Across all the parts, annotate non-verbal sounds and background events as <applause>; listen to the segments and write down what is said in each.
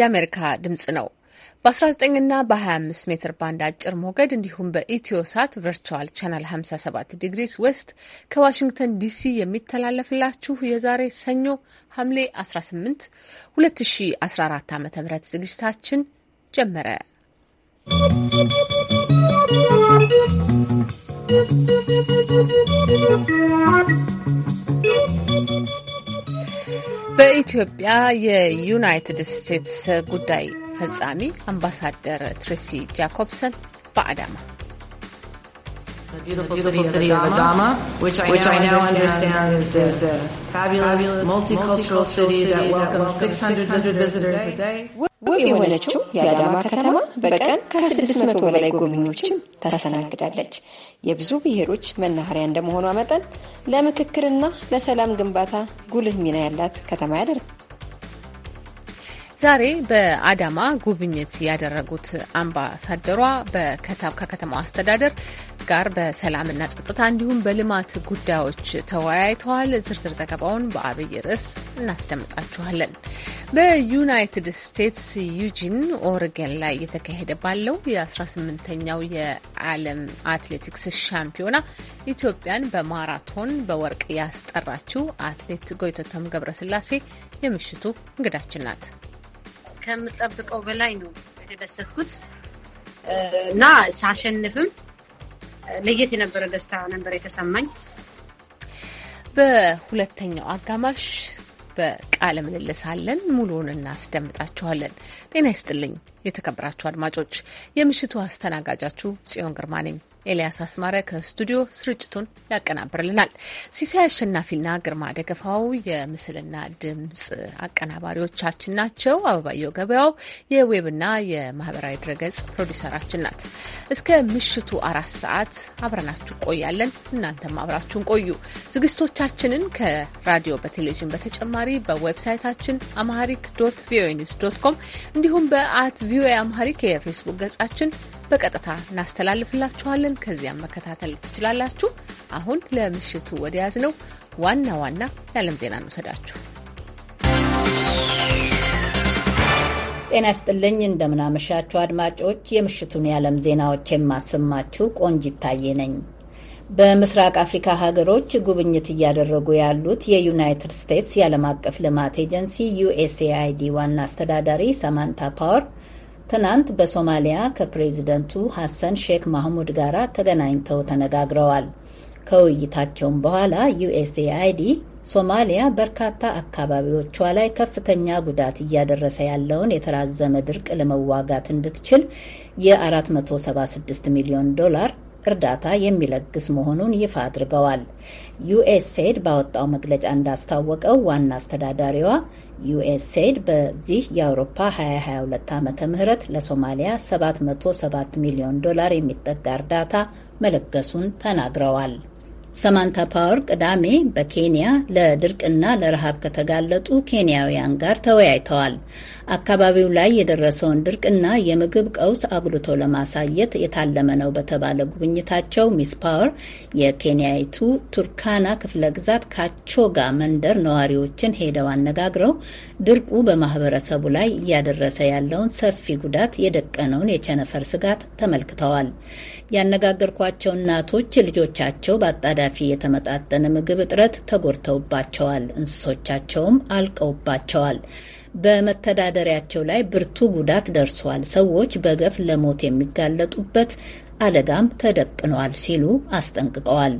የአሜሪካ ድምጽ ነው። በ19 ና በ25 ሜትር ባንድ አጭር ሞገድ እንዲሁም በኢትዮ ሳት ቨርቹዋል ቻናል 57 ዲግሪስ ዌስት ከዋሽንግተን ዲሲ የሚተላለፍላችሁ የዛሬ ሰኞ ሐምሌ 18 2014 ዓ ም ዝግጅታችን ጀመረ። ¶¶ በኢትዮጵያ የዩናይትድ ስቴትስ ጉዳይ ፈጻሚ አምባሳደር ትሬሲ ጃኮብሰን በአዳማ the beautiful, the beautiful city, city, of Adama, which I, which now, I now understand, is, is a fabulous, fabulous multicultural, multicultural city that welcomes 600, 600 visitors a day. ውብ የሆነችው የአዳማ ከተማ በቀን ከ600 በላይ ጎብኚዎችን ታስተናግዳለች። የብዙ ብሔሮች መናኸሪያ እንደመሆኗ መጠን ለምክክርና ለሰላም ግንባታ ጉልህ ሚና ያላት ከተማ ያደርጋል። ዛሬ በአዳማ ጉብኝት ያደረጉት አምባሳደሯ ከከተማዋ አስተዳደር ጋር በሰላምና ጸጥታ እንዲሁም በልማት ጉዳዮች ተወያይተዋል። ዝርዝር ዘገባውን በአብይ ርዕስ እናስደምጣችኋለን። በዩናይትድ ስቴትስ ዩጂን ኦሪገን ላይ እየተካሄደ ባለው የ18ኛው የዓለም አትሌቲክስ ሻምፒዮና ኢትዮጵያን በማራቶን በወርቅ ያስጠራችው አትሌት ጎይተቶም ገብረስላሴ የምሽቱ እንግዳችን ናት። ከምጠብቀው በላይ ነው የተደሰትኩት እና ሳሸንፍም ለየት የነበረ ደስታ ነበር የተሰማኝ። በሁለተኛው አጋማሽ በቃለ ምልልስ አለን። ሙሉውን እናስደምጣችኋለን። ጤና ይስጥልኝ የተከበራችሁ አድማጮች፣ የምሽቱ አስተናጋጃችሁ ጽዮን ግርማ ነኝ። ኤልያስ አስማረ ከስቱዲዮ ስርጭቱን ያቀናብርልናል። ሲሳይ አሸናፊና ግርማ ደገፋው የምስልና ድምጽ አቀናባሪዎቻችን ናቸው። አበባየው ገበያው የዌብና የማህበራዊ ድረገጽ ፕሮዲሰራችን ናት። እስከ ምሽቱ አራት ሰዓት አብረናችሁ ቆያለን። እናንተም አብራችሁን ቆዩ። ዝግጅቶቻችንን ከራዲዮ በቴሌቪዥን በተጨማሪ በዌብሳይታችን አማሪክ ዶት ቪኦኤ ኒውስ ዶት ኮም እንዲሁም በአት ቪኦኤ አማሪክ የፌስቡክ ገጻችን በቀጥታ እናስተላልፍላችኋለን። ከዚያም መከታተል ትችላላችሁ። አሁን ለምሽቱ ወደ ያዝ ነው ዋና ዋና የዓለም ዜና እንውሰዳችሁ። ጤና ይስጥልኝ፣ እንደምናመሻችሁ አድማጮች። የምሽቱን የዓለም ዜናዎች የማሰማችሁ ቆንጅ ይታየ ነኝ። በምስራቅ አፍሪካ ሀገሮች ጉብኝት እያደረጉ ያሉት የዩናይትድ ስቴትስ የዓለም አቀፍ ልማት ኤጀንሲ ዩኤስኤአይዲ ዋና አስተዳዳሪ ሳማንታ ፓወር ትናንት በሶማሊያ ከፕሬዚደንቱ ሐሰን ሼክ ማህሙድ ጋር ተገናኝተው ተነጋግረዋል። ከውይይታቸውም በኋላ ዩኤስኤአይዲ ሶማሊያ በርካታ አካባቢዎቿ ላይ ከፍተኛ ጉዳት እያደረሰ ያለውን የተራዘመ ድርቅ ለመዋጋት እንድትችል የ476 ሚሊዮን ዶላር እርዳታ የሚለግስ መሆኑን ይፋ አድርገዋል። ዩኤስኤድ ባወጣው መግለጫ እንዳስታወቀው ዋና አስተዳዳሪዋ ዩኤስኤድ በዚህ የአውሮፓ 2022 ዓ ምህረት ለሶማሊያ 707 ሚሊዮን ዶላር የሚጠጋ እርዳታ መለገሱን ተናግረዋል። ሰማንታ ፓወር ቅዳሜ በኬንያ ለድርቅና ለረሃብ ከተጋለጡ ኬንያውያን ጋር ተወያይተዋል። አካባቢው ላይ የደረሰውን ድርቅና የምግብ ቀውስ አጉልቶ ለማሳየት የታለመ ነው በተባለ ጉብኝታቸው ሚስ ፓወር የኬንያዊቱ ቱርካና ክፍለ ግዛት ካቾጋ መንደር ነዋሪዎችን ሄደው አነጋግረው ድርቁ በማህበረሰቡ ላይ እያደረሰ ያለውን ሰፊ ጉዳት የደቀነውን የቸነፈር ስጋት ተመልክተዋል። ያነጋገርኳቸው እናቶች ልጆቻቸው በአጣዳፊ የተመጣጠነ ምግብ እጥረት ተጎድተውባቸዋል፣ እንስሶቻቸውም አልቀውባቸዋል። በመተዳደሪያቸው ላይ ብርቱ ጉዳት ደርሷል። ሰዎች በገፍ ለሞት የሚጋለጡበት አደጋም ተደቅኗል ሲሉ አስጠንቅቀዋል።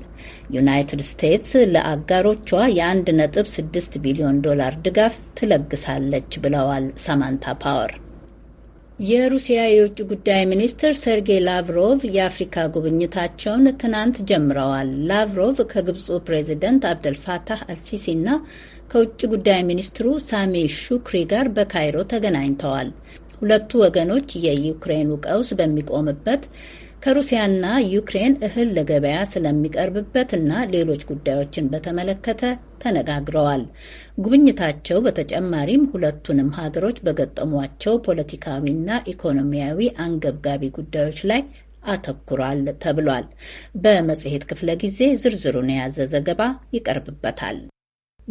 ዩናይትድ ስቴትስ ለአጋሮቿ የ1.6 ቢሊዮን ዶላር ድጋፍ ትለግሳለች ብለዋል ሳማንታ ፓወር። የሩሲያ የውጭ ጉዳይ ሚኒስትር ሰርጌይ ላቭሮቭ የአፍሪካ ጉብኝታቸውን ትናንት ጀምረዋል። ላቭሮቭ ከግብፁ ፕሬዚደንት አብደልፋታህ አልሲሲ እና ከውጭ ጉዳይ ሚኒስትሩ ሳሚ ሹክሪ ጋር በካይሮ ተገናኝተዋል። ሁለቱ ወገኖች የዩክሬኑ ቀውስ በሚቆምበት ከሩሲያና ዩክሬን እህል ለገበያ ስለሚቀርብበትና ሌሎች ጉዳዮችን በተመለከተ ተነጋግረዋል። ጉብኝታቸው በተጨማሪም ሁለቱንም ሀገሮች በገጠሟቸው ፖለቲካዊና ኢኮኖሚያዊ አንገብጋቢ ጉዳዮች ላይ አተኩሯል ተብሏል። በመጽሔት ክፍለ ጊዜ ዝርዝሩን የያዘ ዘገባ ይቀርብበታል።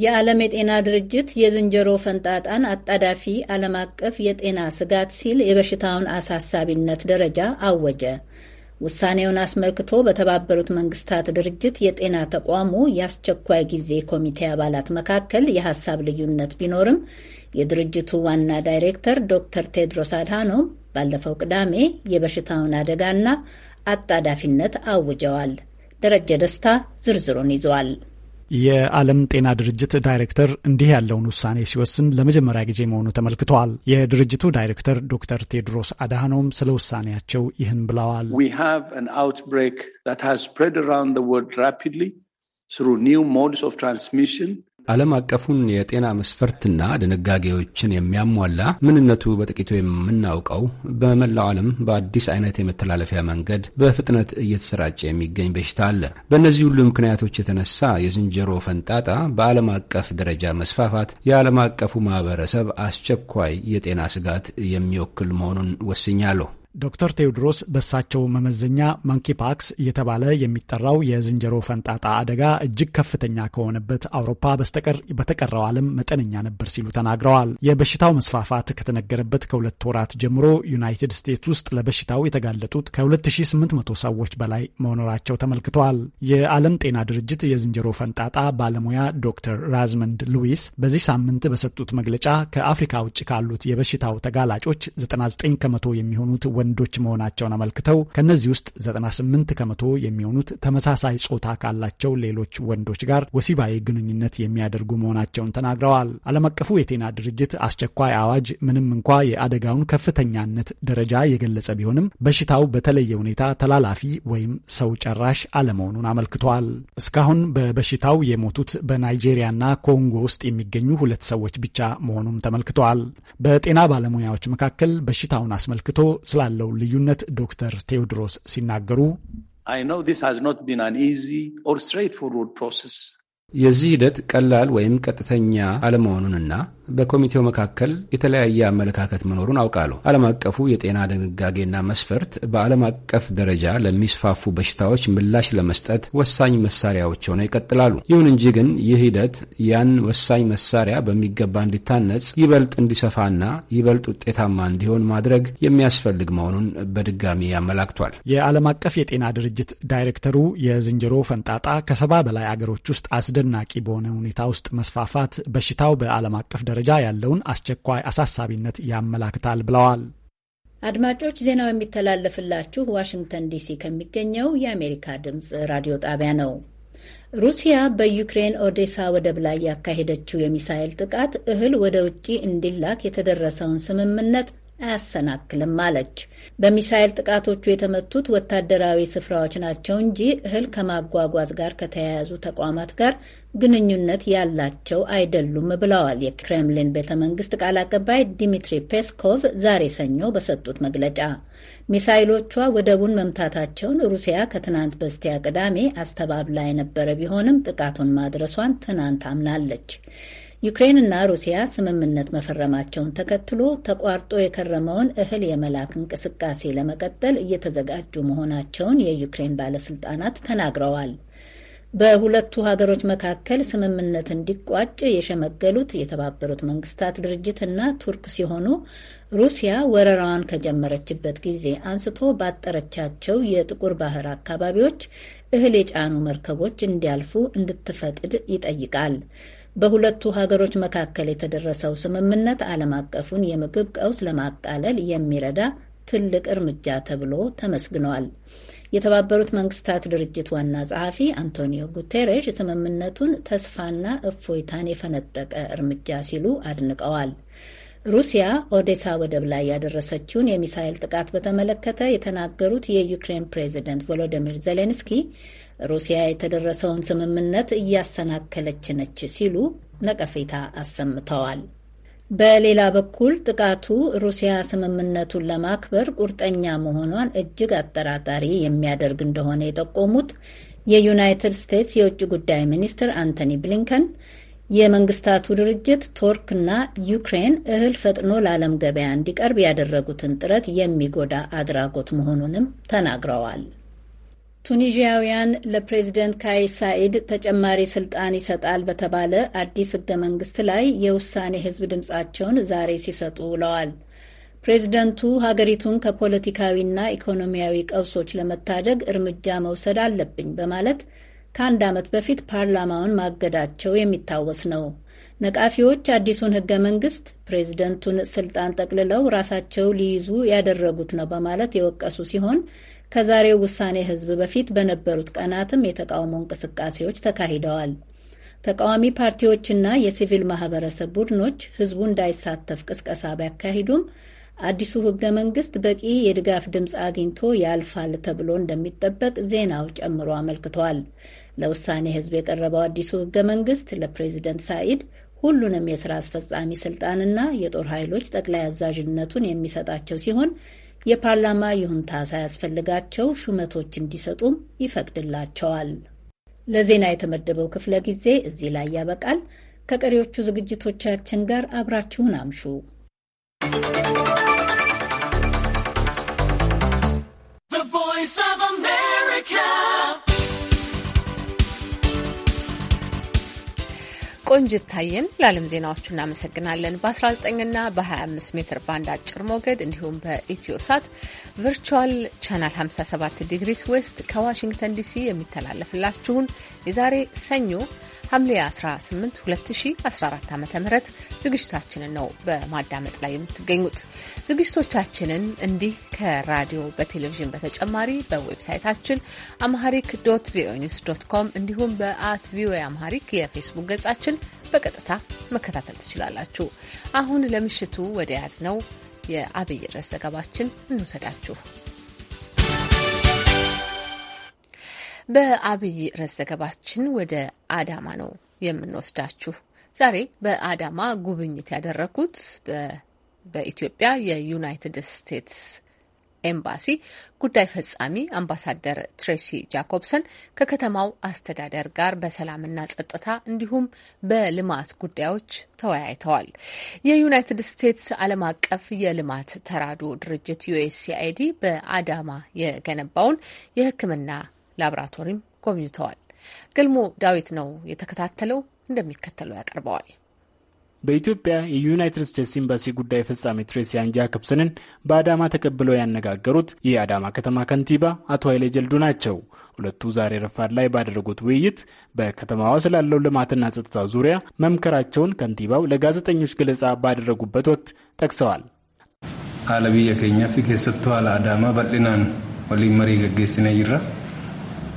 የዓለም የጤና ድርጅት የዝንጀሮ ፈንጣጣን አጣዳፊ ዓለም አቀፍ የጤና ስጋት ሲል የበሽታውን አሳሳቢነት ደረጃ አወጀ። ውሳኔውን አስመልክቶ በተባበሩት መንግስታት ድርጅት የጤና ተቋሙ የአስቸኳይ ጊዜ ኮሚቴ አባላት መካከል የሀሳብ ልዩነት ቢኖርም የድርጅቱ ዋና ዳይሬክተር ዶክተር ቴድሮስ አድሃኖም ባለፈው ቅዳሜ የበሽታውን አደጋና አጣዳፊነት አውጀዋል። ደረጀ ደስታ ዝርዝሩን ይዟል። የዓለም ጤና ድርጅት ዳይሬክተር እንዲህ ያለውን ውሳኔ ሲወስን ለመጀመሪያ ጊዜ መሆኑ ተመልክተዋል። የድርጅቱ ዳይሬክተር ዶክተር ቴድሮስ አድሃኖም ስለ ውሳኔያቸው ይህን ብለዋል። ኒው ሞድስ ኦፍ ትራንስሚሽን ዓለም አቀፉን የጤና መስፈርትና ድንጋጌዎችን የሚያሟላ ምንነቱ በጥቂቱ የምናውቀው በመላው ዓለም በአዲስ አይነት የመተላለፊያ መንገድ በፍጥነት እየተሰራጨ የሚገኝ በሽታ አለ። በእነዚህ ሁሉ ምክንያቶች የተነሳ የዝንጀሮ ፈንጣጣ በዓለም አቀፍ ደረጃ መስፋፋት የዓለም አቀፉ ማህበረሰብ አስቸኳይ የጤና ስጋት የሚወክል መሆኑን ወስኛለሁ። ዶክተር ቴዎድሮስ በሳቸው መመዘኛ መንኪፓክስ እየተባለ የሚጠራው የዝንጀሮ ፈንጣጣ አደጋ እጅግ ከፍተኛ ከሆነበት አውሮፓ በስተቀር በተቀረው ዓለም መጠነኛ ነበር ሲሉ ተናግረዋል። የበሽታው መስፋፋት ከተነገረበት ከሁለት ወራት ጀምሮ ዩናይትድ ስቴትስ ውስጥ ለበሽታው የተጋለጡት ከ2800 ሰዎች በላይ መኖራቸው ተመልክተዋል። የዓለም ጤና ድርጅት የዝንጀሮ ፈንጣጣ ባለሙያ ዶክተር ራዝመንድ ሉዊስ በዚህ ሳምንት በሰጡት መግለጫ ከአፍሪካ ውጭ ካሉት የበሽታው ተጋላጮች 99 ከመቶ የሚሆኑት ወንዶች መሆናቸውን አመልክተው ከእነዚህ ውስጥ 98 ከመቶ የሚሆኑት ተመሳሳይ ጾታ ካላቸው ሌሎች ወንዶች ጋር ወሲባዊ ግንኙነት የሚያደርጉ መሆናቸውን ተናግረዋል። ዓለም አቀፉ የጤና ድርጅት አስቸኳይ አዋጅ ምንም እንኳ የአደጋውን ከፍተኛነት ደረጃ የገለጸ ቢሆንም በሽታው በተለየ ሁኔታ ተላላፊ ወይም ሰው ጨራሽ አለመሆኑን አመልክቷል። እስካሁን በበሽታው የሞቱት በናይጄሪያና ኮንጎ ውስጥ የሚገኙ ሁለት ሰዎች ብቻ መሆኑም ተመልክተዋል። በጤና ባለሙያዎች መካከል በሽታውን አስመልክቶ ስላለ ስላለው ልዩነት ዶክተር ቴዎድሮስ ሲናገሩ የዚህ ሂደት ቀላል ወይም ቀጥተኛ አለመሆኑንና በኮሚቴው መካከል የተለያየ አመለካከት መኖሩን አውቃለሁ። ዓለም አቀፉ የጤና ድንጋጌና መስፈርት በዓለም አቀፍ ደረጃ ለሚስፋፉ በሽታዎች ምላሽ ለመስጠት ወሳኝ መሳሪያዎች ሆነው ይቀጥላሉ። ይሁን እንጂ ግን ይህ ሂደት ያን ወሳኝ መሳሪያ በሚገባ እንዲታነጽ፣ ይበልጥ እንዲሰፋና ይበልጥ ውጤታማ እንዲሆን ማድረግ የሚያስፈልግ መሆኑን በድጋሚ ያመላክቷል። የዓለም አቀፍ የጤና ድርጅት ዳይሬክተሩ የዝንጀሮ ፈንጣጣ ከሰባ በላይ አገሮች ውስጥ አስደናቂ በሆነ ሁኔታ ውስጥ መስፋፋት በሽታው በዓለም አቀፍ ደረጃ ያለውን አስቸኳይ አሳሳቢነት ያመላክታል ብለዋል። አድማጮች ዜናው የሚተላለፍላችሁ ዋሽንግተን ዲሲ ከሚገኘው የአሜሪካ ድምፅ ራዲዮ ጣቢያ ነው። ሩሲያ በዩክሬን ኦዴሳ ወደብ ላይ ያካሄደችው የሚሳኤል ጥቃት እህል ወደ ውጭ እንዲላክ የተደረሰውን ስምምነት አያሰናክልም አለች። በሚሳይል ጥቃቶቹ የተመቱት ወታደራዊ ስፍራዎች ናቸው እንጂ እህል ከማጓጓዝ ጋር ከተያያዙ ተቋማት ጋር ግንኙነት ያላቸው አይደሉም ብለዋል የክሬምሊን ቤተ መንግስት ቃል አቀባይ ዲሚትሪ ፔስኮቭ ዛሬ ሰኞ በሰጡት መግለጫ። ሚሳይሎቿ ወደቡን መምታታቸውን ሩሲያ ከትናንት በስቲያ ቅዳሜ አስተባብላ የነበረ ቢሆንም ጥቃቱን ማድረሷን ትናንት አምናለች። ዩክሬንና ሩሲያ ስምምነት መፈረማቸውን ተከትሎ ተቋርጦ የከረመውን እህል የመላክ እንቅስቃሴ ለመቀጠል እየተዘጋጁ መሆናቸውን የዩክሬን ባለስልጣናት ተናግረዋል። በሁለቱ ሀገሮች መካከል ስምምነት እንዲቋጭ የሸመገሉት የተባበሩት መንግስታት ድርጅት እና ቱርክ ሲሆኑ ሩሲያ ወረራዋን ከጀመረችበት ጊዜ አንስቶ ባጠረቻቸው የጥቁር ባህር አካባቢዎች እህል የጫኑ መርከቦች እንዲያልፉ እንድትፈቅድ ይጠይቃል። በሁለቱ ሀገሮች መካከል የተደረሰው ስምምነት ዓለም አቀፉን የምግብ ቀውስ ለማቃለል የሚረዳ ትልቅ እርምጃ ተብሎ ተመስግኗል። የተባበሩት መንግስታት ድርጅት ዋና ጸሐፊ አንቶኒዮ ጉቴሬሽ ስምምነቱን ተስፋና እፎይታን የፈነጠቀ እርምጃ ሲሉ አድንቀዋል። ሩሲያ ኦዴሳ ወደብ ላይ ያደረሰችውን የሚሳይል ጥቃት በተመለከተ የተናገሩት የዩክሬን ፕሬዚደንት ቮሎዲሚር ዜሌንስኪ ሩሲያ የተደረሰውን ስምምነት እያሰናከለች ነች ሲሉ ነቀፌታ አሰምተዋል። በሌላ በኩል ጥቃቱ ሩሲያ ስምምነቱን ለማክበር ቁርጠኛ መሆኗን እጅግ አጠራጣሪ የሚያደርግ እንደሆነ የጠቆሙት የዩናይትድ ስቴትስ የውጭ ጉዳይ ሚኒስትር አንቶኒ ብሊንከን የመንግስታቱ ድርጅት ቱርክና ዩክሬን እህል ፈጥኖ ለዓለም ገበያ እንዲቀርብ ያደረጉትን ጥረት የሚጎዳ አድራጎት መሆኑንም ተናግረዋል። ቱኒዥያውያን ለፕሬዝደንት ካይስ ሳኢድ ተጨማሪ ስልጣን ይሰጣል በተባለ አዲስ ህገ መንግስት ላይ የውሳኔ ህዝብ ድምጻቸውን ዛሬ ሲሰጡ ውለዋል። ፕሬዝደንቱ ሀገሪቱን ከፖለቲካዊና ኢኮኖሚያዊ ቀውሶች ለመታደግ እርምጃ መውሰድ አለብኝ በማለት ከአንድ ዓመት በፊት ፓርላማውን ማገዳቸው የሚታወስ ነው። ነቃፊዎች አዲሱን ህገ መንግስት ፕሬዝደንቱን ስልጣን ጠቅልለው ራሳቸው ሊይዙ ያደረጉት ነው በማለት የወቀሱ ሲሆን ከዛሬው ውሳኔ ህዝብ በፊት በነበሩት ቀናትም የተቃውሞ እንቅስቃሴዎች ተካሂደዋል። ተቃዋሚ ፓርቲዎችና የሲቪል ማህበረሰብ ቡድኖች ህዝቡ እንዳይሳተፍ ቅስቀሳ ቢያካሂዱም አዲሱ ህገ መንግስት በቂ የድጋፍ ድምፅ አግኝቶ ያልፋል ተብሎ እንደሚጠበቅ ዜናው ጨምሮ አመልክቷል። ለውሳኔ ህዝብ የቀረበው አዲሱ ህገ መንግስት ለፕሬዚደንት ሳኢድ ሁሉንም የስራ አስፈጻሚ ስልጣንና የጦር ኃይሎች ጠቅላይ አዛዥነቱን የሚሰጣቸው ሲሆን የፓርላማ ይሁንታ ሳያስፈልጋቸው ሹመቶች እንዲሰጡም ይፈቅድላቸዋል። ለዜና የተመደበው ክፍለ ጊዜ እዚህ ላይ ያበቃል። ከቀሪዎቹ ዝግጅቶቻችን ጋር አብራችሁን አምሹ። ቆንጅት ታየን ለዓለም ዜናዎቹ እናመሰግናለን። በ19ና በ25 ሜትር ባንድ አጭር ሞገድ እንዲሁም በኢትዮ ሳት ቨርቹዋል ቻናል 57 ዲግሪስ ዌስት ከዋሽንግተን ዲሲ የሚተላለፍላችሁን የዛሬ ሰኞ ሐምሌ 18 2014 ዓ ም ዝግጅታችንን ነው በማዳመጥ ላይ የምትገኙት። ዝግጅቶቻችንን እንዲህ ከራዲዮ በቴሌቪዥን በተጨማሪ በዌብሳይታችን አምሃሪክ ዶት ቪኦኤ ኒውስ ዶት ኮም እንዲሁም በአት ቪኦኤ አምሃሪክ የፌስቡክ ገጻችን በቀጥታ መከታተል ትችላላችሁ። አሁን ለምሽቱ ወደ ያዝነው ነው የአብይ ርዕስ ዘገባችን እንውሰዳችሁ። በአብይ ርዕስ ዘገባችን ወደ አዳማ ነው የምንወስዳችሁ። ዛሬ በአዳማ ጉብኝት ያደረጉት በኢትዮጵያ የዩናይትድ ስቴትስ ኤምባሲ ጉዳይ ፈጻሚ አምባሳደር ትሬሲ ጃኮብሰን ከከተማው አስተዳደር ጋር በሰላምና ጸጥታ እንዲሁም በልማት ጉዳዮች ተወያይተዋል። የዩናይትድ ስቴትስ ዓለም አቀፍ የልማት ተራድኦ ድርጅት ዩኤስኤአይዲ በአዳማ የገነባውን የሕክምና ላብራቶሪም ጎብኝተዋል። ገልሞ ዳዊት ነው የተከታተለው፣ እንደሚከተለው ያቀርበዋል። በኢትዮጵያ የዩናይትድ ስቴትስ ኤምባሲ ጉዳይ ፍጻሜ ትሬሲ አንጃ ክብስንን በአዳማ ተቀብለው ያነጋገሩት የአዳማ ከተማ ከንቲባ አቶ ኃይሌ ጀልዱ ናቸው። ሁለቱ ዛሬ ረፋድ ላይ ባደረጉት ውይይት በከተማዋ ስላለው ልማትና ጸጥታ ዙሪያ መምከራቸውን ከንቲባው ለጋዜጠኞች ገለጻ ባደረጉበት ወቅት ጠቅሰዋል። አለብየ ከኛ ፊ ከሰጥተዋል አዳማ በልናን ወሊ መሪ ገጌስነ ይራ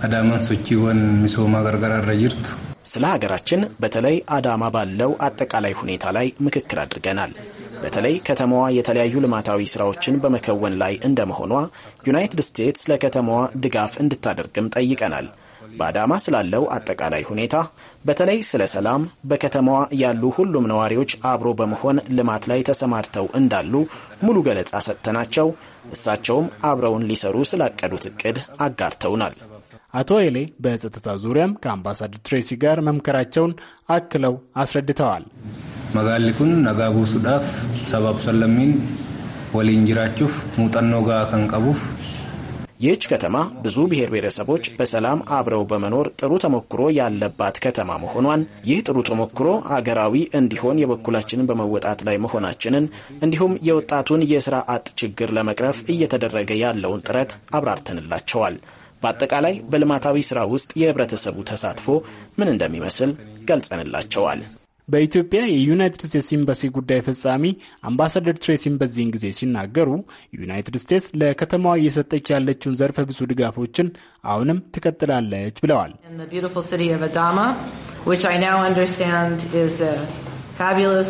አዳማን ሶቺወን ሚሶማ ጋርጋራ ይርቱ ስለ ሀገራችን በተለይ አዳማ ባለው አጠቃላይ ሁኔታ ላይ ምክክር አድርገናል። በተለይ ከተማዋ የተለያዩ ልማታዊ ስራዎችን በመከወን ላይ እንደመሆኗ ዩናይትድ ስቴትስ ለከተማዋ ድጋፍ እንድታደርግም ጠይቀናል። በአዳማ ስላለው አጠቃላይ ሁኔታ በተለይ ስለ ሰላም፣ በከተማዋ ያሉ ሁሉም ነዋሪዎች አብሮ በመሆን ልማት ላይ ተሰማርተው እንዳሉ ሙሉ ገለጻ ሰጥተናቸው እሳቸውም አብረውን ሊሰሩ ስላቀዱት እቅድ አጋርተውናል። አቶ ኃይሌ በጸጥታ ዙሪያም ከአምባሳደር ትሬሲ ጋር መምከራቸውን አክለው አስረድተዋል። መጋሊ ኩን ነጋ ቡሱዳፍ ሰባብ ሰለሚን ወሊን ሙጠኖ ጋ ከንቀቡፍ ይህች ከተማ ብዙ ብሔር ብሔረሰቦች በሰላም አብረው በመኖር ጥሩ ተሞክሮ ያለባት ከተማ መሆኗን ይህ ጥሩ ተሞክሮ አገራዊ እንዲሆን የበኩላችንን በመወጣት ላይ መሆናችንን እንዲሁም የወጣቱን የስራ አጥ ችግር ለመቅረፍ እየተደረገ ያለውን ጥረት አብራርተንላቸዋል። በአጠቃላይ በልማታዊ ስራ ውስጥ የህብረተሰቡ ተሳትፎ ምን እንደሚመስል ገልጸንላቸዋል። በኢትዮጵያ የዩናይትድ ስቴትስ ኤምባሲ ጉዳይ ፈጻሚ አምባሳደር ትሬሲን በዚህን ጊዜ ሲናገሩ ዩናይትድ ስቴትስ ለከተማዋ እየሰጠች ያለችውን ዘርፈ ብዙ ድጋፎችን አሁንም ትቀጥላለች ብለዋል። fabulous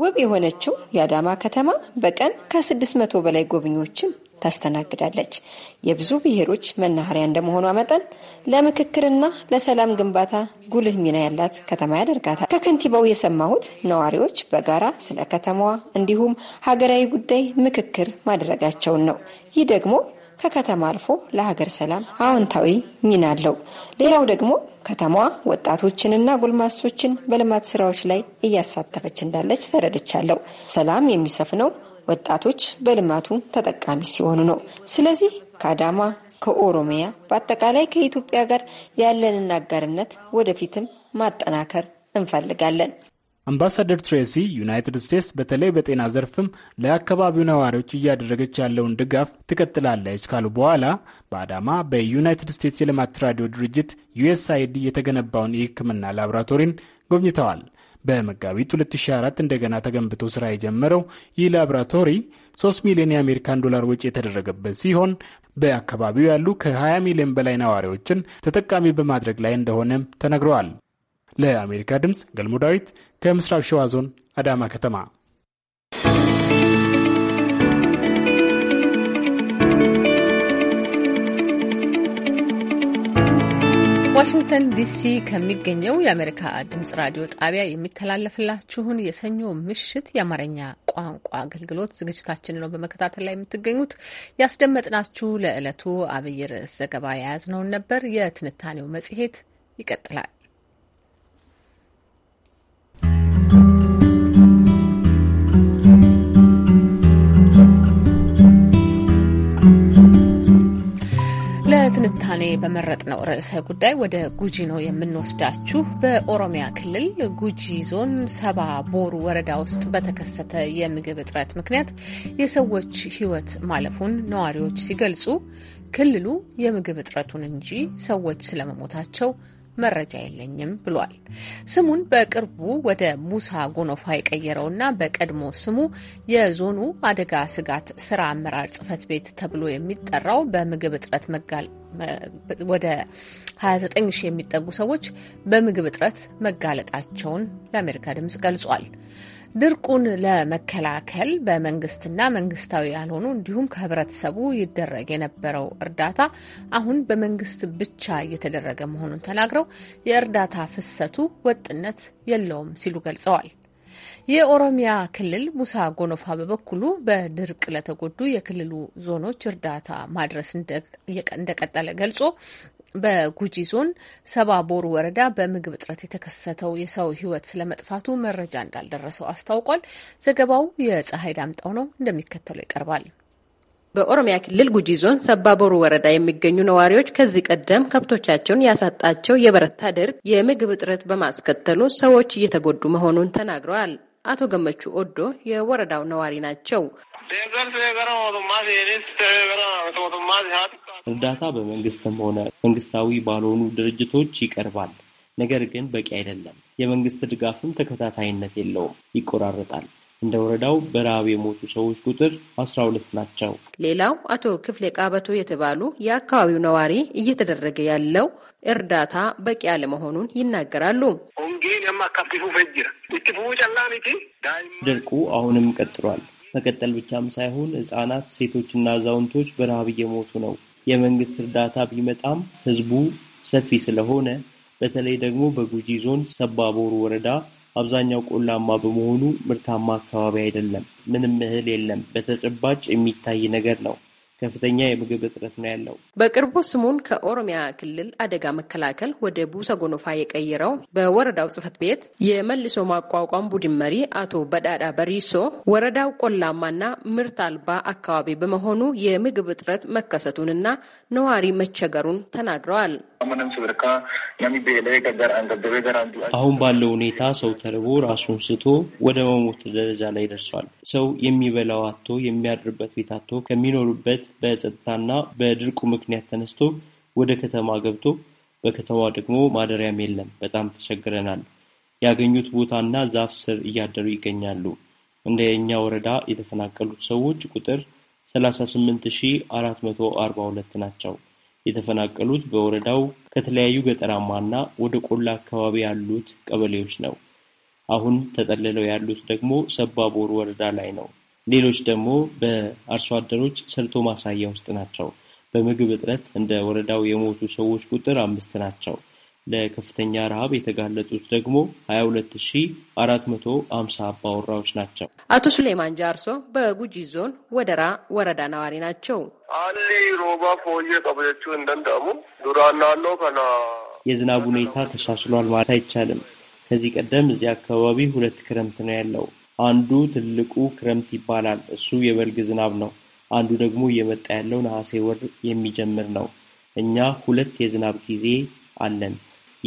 ውብ የሆነችው የአዳማ ከተማ በቀን ከ600 በላይ ጎብኚዎችን ታስተናግዳለች። የብዙ ብሔሮች መናኸሪያ እንደመሆኗ መጠን ለምክክርና ለሰላም ግንባታ ጉልህ ሚና ያላት ከተማ ያደርጋታል። ከከንቲባው የሰማሁት ነዋሪዎች በጋራ ስለ ከተማዋ እንዲሁም ሀገራዊ ጉዳይ ምክክር ማድረጋቸውን ነው። ይህ ደግሞ ከከተማ አልፎ ለሀገር ሰላም አዎንታዊ ሚና አለው። ሌላው ደግሞ ከተማዋ ወጣቶችንና ጎልማሶችን በልማት ስራዎች ላይ እያሳተፈች እንዳለች ተረድቻለሁ። ሰላም የሚሰፍነው ወጣቶች በልማቱ ተጠቃሚ ሲሆኑ ነው። ስለዚህ ከአዳማ፣ ከኦሮሚያ በአጠቃላይ ከኢትዮጵያ ጋር ያለንን አጋርነት ወደፊትም ማጠናከር እንፈልጋለን። አምባሳደር ትሬሲ ዩናይትድ ስቴትስ በተለይ በጤና ዘርፍም ለአካባቢው ነዋሪዎች እያደረገች ያለውን ድጋፍ ትቀጥላለች ካሉ በኋላ በአዳማ በዩናይትድ ስቴትስ የልማት ራዲዮ ድርጅት ዩኤስአይዲ የተገነባውን የሕክምና ላቦራቶሪን ጎብኝተዋል። በመጋቢት 2004 እንደገና ተገንብቶ ስራ የጀመረው ይህ ላብራቶሪ 3 ሚሊዮን የአሜሪካን ዶላር ወጪ የተደረገበት ሲሆን በአካባቢው ያሉ ከ20 ሚሊዮን በላይ ነዋሪዎችን ተጠቃሚ በማድረግ ላይ እንደሆነም ተነግረዋል። ለአሜሪካ ድምፅ ገልሞ ዳዊት ከምስራቅ ሸዋ ዞን አዳማ ከተማ። ዋሽንግተን ዲሲ ከሚገኘው የአሜሪካ ድምጽ ራዲዮ ጣቢያ የሚተላለፍላችሁን የሰኞ ምሽት የአማርኛ ቋንቋ አገልግሎት ዝግጅታችን ነው በመከታተል ላይ የምትገኙት። ያስደመጥናችሁ ለዕለቱ አብይ ርዕስ ዘገባ የያዝነውን ነበር። የትንታኔው መጽሔት ይቀጥላል። ለትንታኔ በመረጥነው ርዕሰ ጉዳይ ወደ ጉጂ ነው የምንወስዳችሁ። በኦሮሚያ ክልል ጉጂ ዞን ሰባ ቦሩ ወረዳ ውስጥ በተከሰተ የምግብ እጥረት ምክንያት የሰዎች ሕይወት ማለፉን ነዋሪዎች ሲገልጹ ክልሉ የምግብ እጥረቱን እንጂ ሰዎች ስለመሞታቸው መረጃ የለኝም ብሏል። ስሙን በቅርቡ ወደ ሙሳ ጎኖፋ የቀየረውና በቀድሞ ስሙ የዞኑ አደጋ ስጋት ስራ አመራር ጽህፈት ቤት ተብሎ የሚጠራው በምግብ እጥረት መጋል ወደ 29 ሺህ የሚጠጉ ሰዎች በምግብ እጥረት መጋለጣቸውን ለአሜሪካ ድምጽ ገልጿል። ድርቁን ለመከላከል በመንግስትና መንግስታዊ ያልሆኑ እንዲሁም ከህብረተሰቡ ይደረግ የነበረው እርዳታ አሁን በመንግስት ብቻ እየተደረገ መሆኑን ተናግረው የእርዳታ ፍሰቱ ወጥነት የለውም ሲሉ ገልጸዋል። የኦሮሚያ ክልል ሙሳ ጎኖፋ በበኩሉ በድርቅ ለተጎዱ የክልሉ ዞኖች እርዳታ ማድረስ እንደቀጠለ ገልጾ በጉጂ ዞን ሰባ ቦር ወረዳ በምግብ እጥረት የተከሰተው የሰው ሕይወት ስለመጥፋቱ መረጃ እንዳልደረሰው አስታውቋል። ዘገባው የፀሐይ ዳምጠው ነው፣ እንደሚከተለው ይቀርባል። በኦሮሚያ ክልል ጉጂ ዞን ሰባቦሩ ወረዳ የሚገኙ ነዋሪዎች ከዚህ ቀደም ከብቶቻቸውን ያሳጣቸው የበረታ ድርቅ የምግብ እጥረት በማስከተሉ ሰዎች እየተጎዱ መሆኑን ተናግረዋል። አቶ ገመቹ ኦዶ የወረዳው ነዋሪ ናቸው። እርዳታ በመንግስትም ሆነ መንግስታዊ ባልሆኑ ድርጅቶች ይቀርባል። ነገር ግን በቂ አይደለም። የመንግስት ድጋፍም ተከታታይነት የለውም፣ ይቆራረጣል። እንደ ወረዳው በረሃብ የሞቱ ሰዎች ቁጥር አስራ ሁለት ናቸው። ሌላው አቶ ክፍሌ ቃበቶ የተባሉ የአካባቢው ነዋሪ እየተደረገ ያለው እርዳታ በቂ አለመሆኑን ይናገራሉ። ድርቁ አሁንም ቀጥሏል። መቀጠል ብቻም ሳይሆን ህጻናት፣ ሴቶችና አዛውንቶች በረሃብ እየሞቱ ነው። የመንግስት እርዳታ ቢመጣም ህዝቡ ሰፊ ስለሆነ በተለይ ደግሞ በጉጂ ዞን ሰባቦሩ ወረዳ አብዛኛው ቆላማ በመሆኑ ምርታማ አካባቢ አይደለም። ምንም እህል የለም። በተጨባጭ የሚታይ ነገር ነው። ከፍተኛ የምግብ እጥረት ነው ያለው። በቅርቡ ስሙን ከኦሮሚያ ክልል አደጋ መከላከል ወደ ቡሰ ጎኖፋ የቀየረው በወረዳው ጽፈት ቤት የመልሶ ማቋቋም ቡድን መሪ አቶ በዳዳ በሪሶ ወረዳው ቆላማና ምርት አልባ አካባቢ በመሆኑ የምግብ እጥረት መከሰቱንና ነዋሪ መቸገሩን ተናግረዋል። አሁን ባለው ሁኔታ ሰው ተርቦ ራሱን ስቶ ወደ መሞት ደረጃ ላይ ደርሷል። ሰው የሚበላው አቶ የሚያድርበት ቤት አቶ ከሚኖሩበት በጸጥታና በድርቁ ምክንያት ተነስቶ ወደ ከተማ ገብቶ በከተማ ደግሞ ማደሪያም የለም። በጣም ተቸግረናል። ያገኙት ቦታና ዛፍ ስር እያደሩ ይገኛሉ። እንደ የእኛ ወረዳ የተፈናቀሉት ሰዎች ቁጥር 38442 ናቸው። የተፈናቀሉት በወረዳው ከተለያዩ ገጠራማና ወደ ቆላ አካባቢ ያሉት ቀበሌዎች ነው። አሁን ተጠልለው ያሉት ደግሞ ሰባቦር ወረዳ ላይ ነው። ሌሎች ደግሞ በአርሶ አደሮች ሰልቶ ማሳያ ውስጥ ናቸው። በምግብ እጥረት እንደ ወረዳው የሞቱ ሰዎች ቁጥር አምስት ናቸው። ለከፍተኛ ረሃብ የተጋለጡት ደግሞ 22450 አባወራዎች ናቸው። አቶ ሱሌማን ጃርሶ በጉጂ ዞን ወደራ ወረዳ ነዋሪ ናቸው። አሊ ሮባ ፎየ ቀበጀችው እንደንዳሙ ዱራናሎ ከና የዝናብ ሁኔታ ተሻሽሏል ማለት አይቻልም። ከዚህ ቀደም እዚህ አካባቢ ሁለት ክረምት ነው ያለው። አንዱ ትልቁ ክረምት ይባላል እሱ የበልግ ዝናብ ነው። አንዱ ደግሞ እየመጣ ያለው ነሐሴ ወር የሚጀምር ነው። እኛ ሁለት የዝናብ ጊዜ አለን።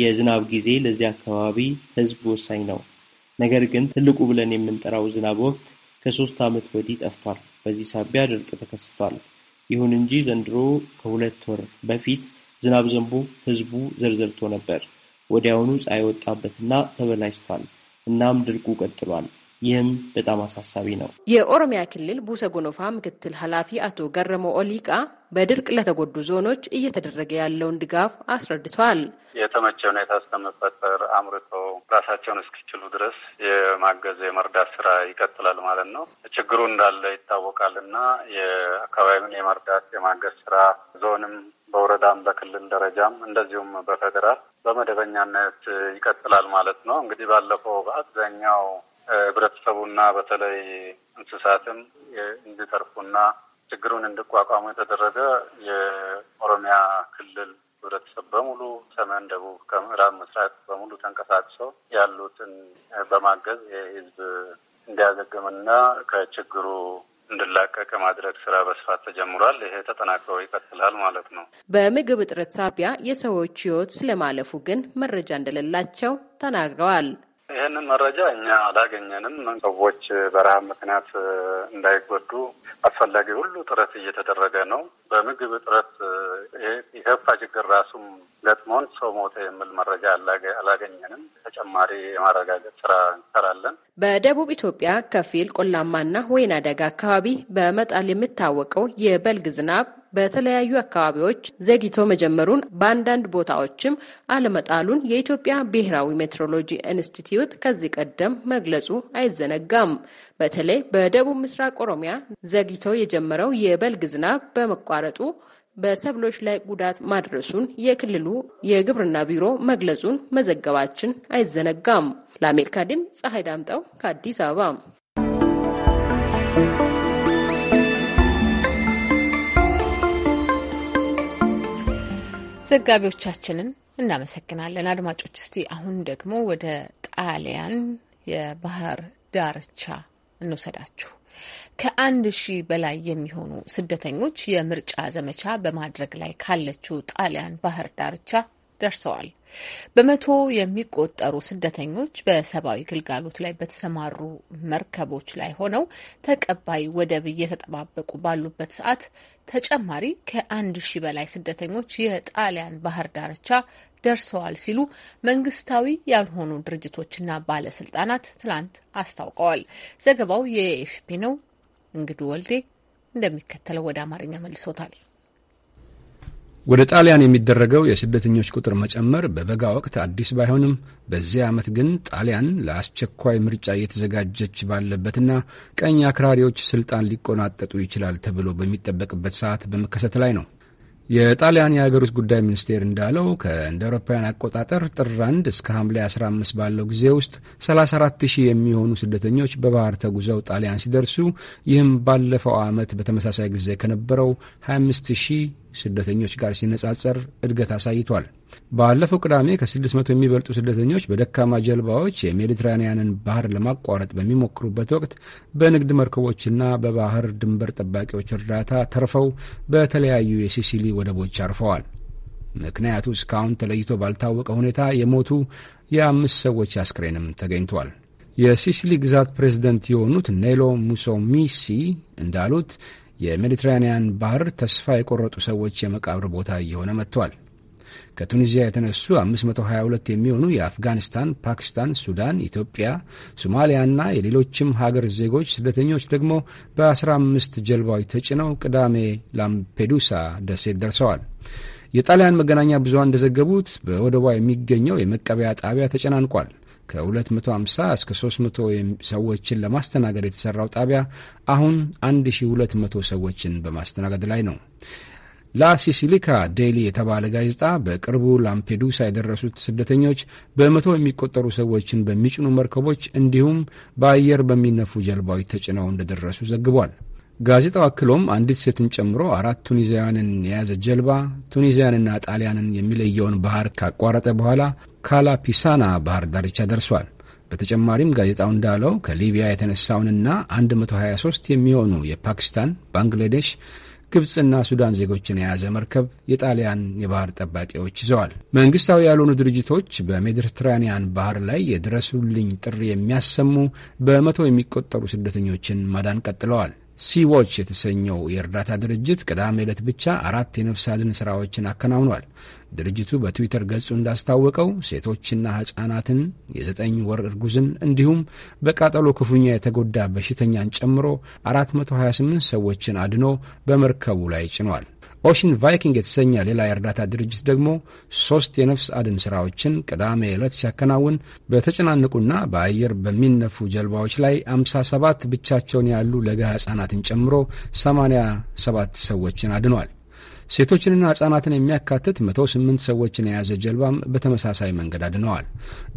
የዝናብ ጊዜ ለዚህ አካባቢ ሕዝብ ወሳኝ ነው። ነገር ግን ትልቁ ብለን የምንጠራው ዝናብ ወቅት ከሶስት ዓመት ወዲህ ጠፍቷል። በዚህ ሳቢያ ድርቅ ተከስቷል። ይሁን እንጂ ዘንድሮ ከሁለት ወር በፊት ዝናብ ዘንቦ ሕዝቡ ዘርዘርቶ ነበር። ወዲያውኑ ፀሐይ ወጣበትና ተበላሽቷል። እናም ድርቁ ቀጥሏል። ይህም በጣም አሳሳቢ ነው። የኦሮሚያ ክልል ቡሰ ጎኖፋ ምክትል ኃላፊ አቶ ገረሞ ኦሊቃ በድርቅ ለተጎዱ ዞኖች እየተደረገ ያለውን ድጋፍ አስረድቷል። የተመቸ ሁኔታ እስከመፈጠር አምርቶ ራሳቸውን እስኪችሉ ድረስ የማገዝ የመርዳት ስራ ይቀጥላል ማለት ነው። ችግሩ እንዳለ ይታወቃል እና የአካባቢውን የመርዳት የማገዝ ስራ ዞንም በወረዳም በክልል ደረጃም እንደዚሁም በፌዴራል በመደበኛነት ይቀጥላል ማለት ነው። እንግዲህ ባለፈው በአብዛኛው ህብረተሰቡና በተለይ እንስሳትም እንዲተርፉና ችግሩን እንዲቋቋሙ የተደረገ የኦሮሚያ ክልል ህብረተሰብ በሙሉ ሰሜን፣ ደቡብ፣ ከምዕራብ፣ ምስራቅ በሙሉ ተንቀሳቅሰው ያሉትን በማገዝ የህዝብ እንዲያገግምና ከችግሩ እንድላቀቅ ማድረግ ስራ በስፋት ተጀምሯል። ይሄ ተጠናክሮ ይቀጥላል ማለት ነው። በምግብ እጥረት ሳቢያ የሰዎች ህይወት ስለማለፉ ግን መረጃ እንደሌላቸው ተናግረዋል። ይህንን መረጃ እኛ አላገኘንም። ሰዎች በረሃብ ምክንያት እንዳይጎዱ አስፈላጊ ሁሉ ጥረት እየተደረገ ነው። በምግብ እጥረት የከፋ ችግር ራሱም ገጥሞን ሰው ሞተ የሚል መረጃ አላገኘንም። ተጨማሪ የማረጋገጥ ስራ እንሰራለን። በደቡብ ኢትዮጵያ ከፊል ቆላማና ወይና ደጋ አካባቢ በመጣል የሚታወቀው የበልግ ዝናብ በተለያዩ አካባቢዎች ዘግይቶ መጀመሩን በአንዳንድ ቦታዎችም አለመጣሉን የኢትዮጵያ ብሔራዊ ሜትሮሎጂ ኢንስቲትዩት ከዚህ ቀደም መግለጹ አይዘነጋም። በተለይ በደቡብ ምስራቅ ኦሮሚያ ዘግይቶ የጀመረው የበልግ ዝናብ በመቋረጡ በሰብሎች ላይ ጉዳት ማድረሱን የክልሉ የግብርና ቢሮ መግለጹን መዘገባችን አይዘነጋም። ለአሜሪካ ድምፅ ፀሐይ ዳምጠው ከአዲስ አበባ ዘጋቢዎቻችንን እናመሰግናለን። አድማጮች፣ እስቲ አሁን ደግሞ ወደ ጣሊያን የባህር ዳርቻ እንውሰዳችሁ። ከአንድ ሺህ በላይ የሚሆኑ ስደተኞች የምርጫ ዘመቻ በማድረግ ላይ ካለችው ጣሊያን ባህር ዳርቻ ደርሰዋል። በመቶ የሚቆጠሩ ስደተኞች በሰብአዊ ግልጋሎት ላይ በተሰማሩ መርከቦች ላይ ሆነው ተቀባይ ወደብ እየተጠባበቁ ባሉበት ሰዓት ተጨማሪ ከአንድ ሺህ በላይ ስደተኞች የጣሊያን ባህር ዳርቻ ደርሰዋል ሲሉ መንግስታዊ ያልሆኑ ድርጅቶችና ባለስልጣናት ትላንት አስታውቀዋል። ዘገባው የኤፍፒ ነው። እንግዱ ወልዴ እንደሚከተለው ወደ አማርኛ መልሶታል። ወደ ጣሊያን የሚደረገው የስደተኞች ቁጥር መጨመር በበጋ ወቅት አዲስ ባይሆንም በዚህ ዓመት ግን ጣሊያን ለአስቸኳይ ምርጫ እየተዘጋጀች ባለበትና ቀኝ አክራሪዎች ስልጣን ሊቆናጠጡ ይችላል ተብሎ በሚጠበቅበት ሰዓት በመከሰት ላይ ነው። የጣሊያን የሀገር ውስጥ ጉዳይ ሚኒስቴር እንዳለው ከእንደ አውሮፓውያን አቆጣጠር ጥር 1 እስከ ሐምሌ 15 ባለው ጊዜ ውስጥ 34 ሺህ የሚሆኑ ስደተኞች በባህር ተጉዘው ጣሊያን ሲደርሱ ይህም ባለፈው ዓመት በተመሳሳይ ጊዜ ከነበረው 25 ሺህ ስደተኞች ጋር ሲነጻጸር እድገት አሳይቷል። ባለፈው ቅዳሜ ከ600 የሚበልጡ ስደተኞች በደካማ ጀልባዎች የሜዲትራንያንን ባህር ለማቋረጥ በሚሞክሩበት ወቅት በንግድ መርከቦችና በባህር ድንበር ጠባቂዎች እርዳታ ተርፈው በተለያዩ የሲሲሊ ወደቦች አርፈዋል። ምክንያቱ እስካሁን ተለይቶ ባልታወቀ ሁኔታ የሞቱ የአምስት ሰዎች አስክሬንም ተገኝቷል። የሲሲሊ ግዛት ፕሬዝደንት የሆኑት ኔሎ ሙሶሚሲ እንዳሉት የሜዲትራኒያን ባህር ተስፋ የቆረጡ ሰዎች የመቃብር ቦታ እየሆነ መጥቷል። ከቱኒዚያ የተነሱ 522 የሚሆኑ የአፍጋኒስታን፣ ፓኪስታን፣ ሱዳን፣ ኢትዮጵያ፣ ሶማሊያና የሌሎችም ሀገር ዜጎች ስደተኞች ደግሞ በ15 ጀልባዎች ተጭነው ቅዳሜ ላምፔዱሳ ደሴት ደርሰዋል። የጣሊያን መገናኛ ብዙሃን እንደዘገቡት በወደቧ የሚገኘው የመቀበያ ጣቢያ ተጨናንቋል። ከ250 እስከ 300 ሰዎችን ለማስተናገድ የተሠራው ጣቢያ አሁን 1200 ሰዎችን በማስተናገድ ላይ ነው። ላ ሲሲሊካ ዴይሊ የተባለ ጋዜጣ በቅርቡ ላምፔዱሳ የደረሱት ስደተኞች በመቶ የሚቆጠሩ ሰዎችን በሚጭኑ መርከቦች እንዲሁም በአየር በሚነፉ ጀልባዎች ተጭነው እንደደረሱ ዘግቧል። ጋዜጣው አክሎም አንዲት ሴትን ጨምሮ አራት ቱኒዚያውያንን የያዘ ጀልባ ቱኒዚያንና ጣሊያንን የሚለየውን ባህር ካቋረጠ በኋላ ካላፒሳና ባህር ዳርቻ ደርሷል። በተጨማሪም ጋዜጣው እንዳለው ከሊቢያ የተነሳውንና 123 የሚሆኑ የፓኪስታን፣ ባንግላዴሽ፣ ግብፅና ሱዳን ዜጎችን የያዘ መርከብ የጣሊያን የባህር ጠባቂዎች ይዘዋል። መንግስታዊ ያልሆኑ ድርጅቶች በሜዲትራኒያን ባህር ላይ የድረሱልኝ ጥሪ የሚያሰሙ በመቶ የሚቆጠሩ ስደተኞችን ማዳን ቀጥለዋል። ሲዎች የተሰኘው የእርዳታ ድርጅት ቅዳሜ ዕለት ብቻ አራት የነፍስ አድን ሥራዎችን አከናውኗል። ድርጅቱ በትዊተር ገጹ እንዳስታወቀው ሴቶችና ሕፃናትን፣ የዘጠኝ ወር እርጉዝን እንዲሁም በቃጠሎ ክፉኛ የተጎዳ በሽተኛን ጨምሮ 428 ሰዎችን አድኖ በመርከቡ ላይ ጭኗል። ኦሽን ቫይኪንግ የተሰኘ ሌላ የእርዳታ ድርጅት ደግሞ ሦስት የነፍስ አድን ሥራዎችን ቅዳሜ ዕለት ሲያከናውን በተጨናነቁና በአየር በሚነፉ ጀልባዎች ላይ 57 ብቻቸውን ያሉ ለጋ ሕፃናትን ጨምሮ 87 ሰዎችን አድኗል። ሴቶችንና ሕጻናትን የሚያካትት 108 ሰዎችን የያዘ ጀልባም በተመሳሳይ መንገድ አድነዋል።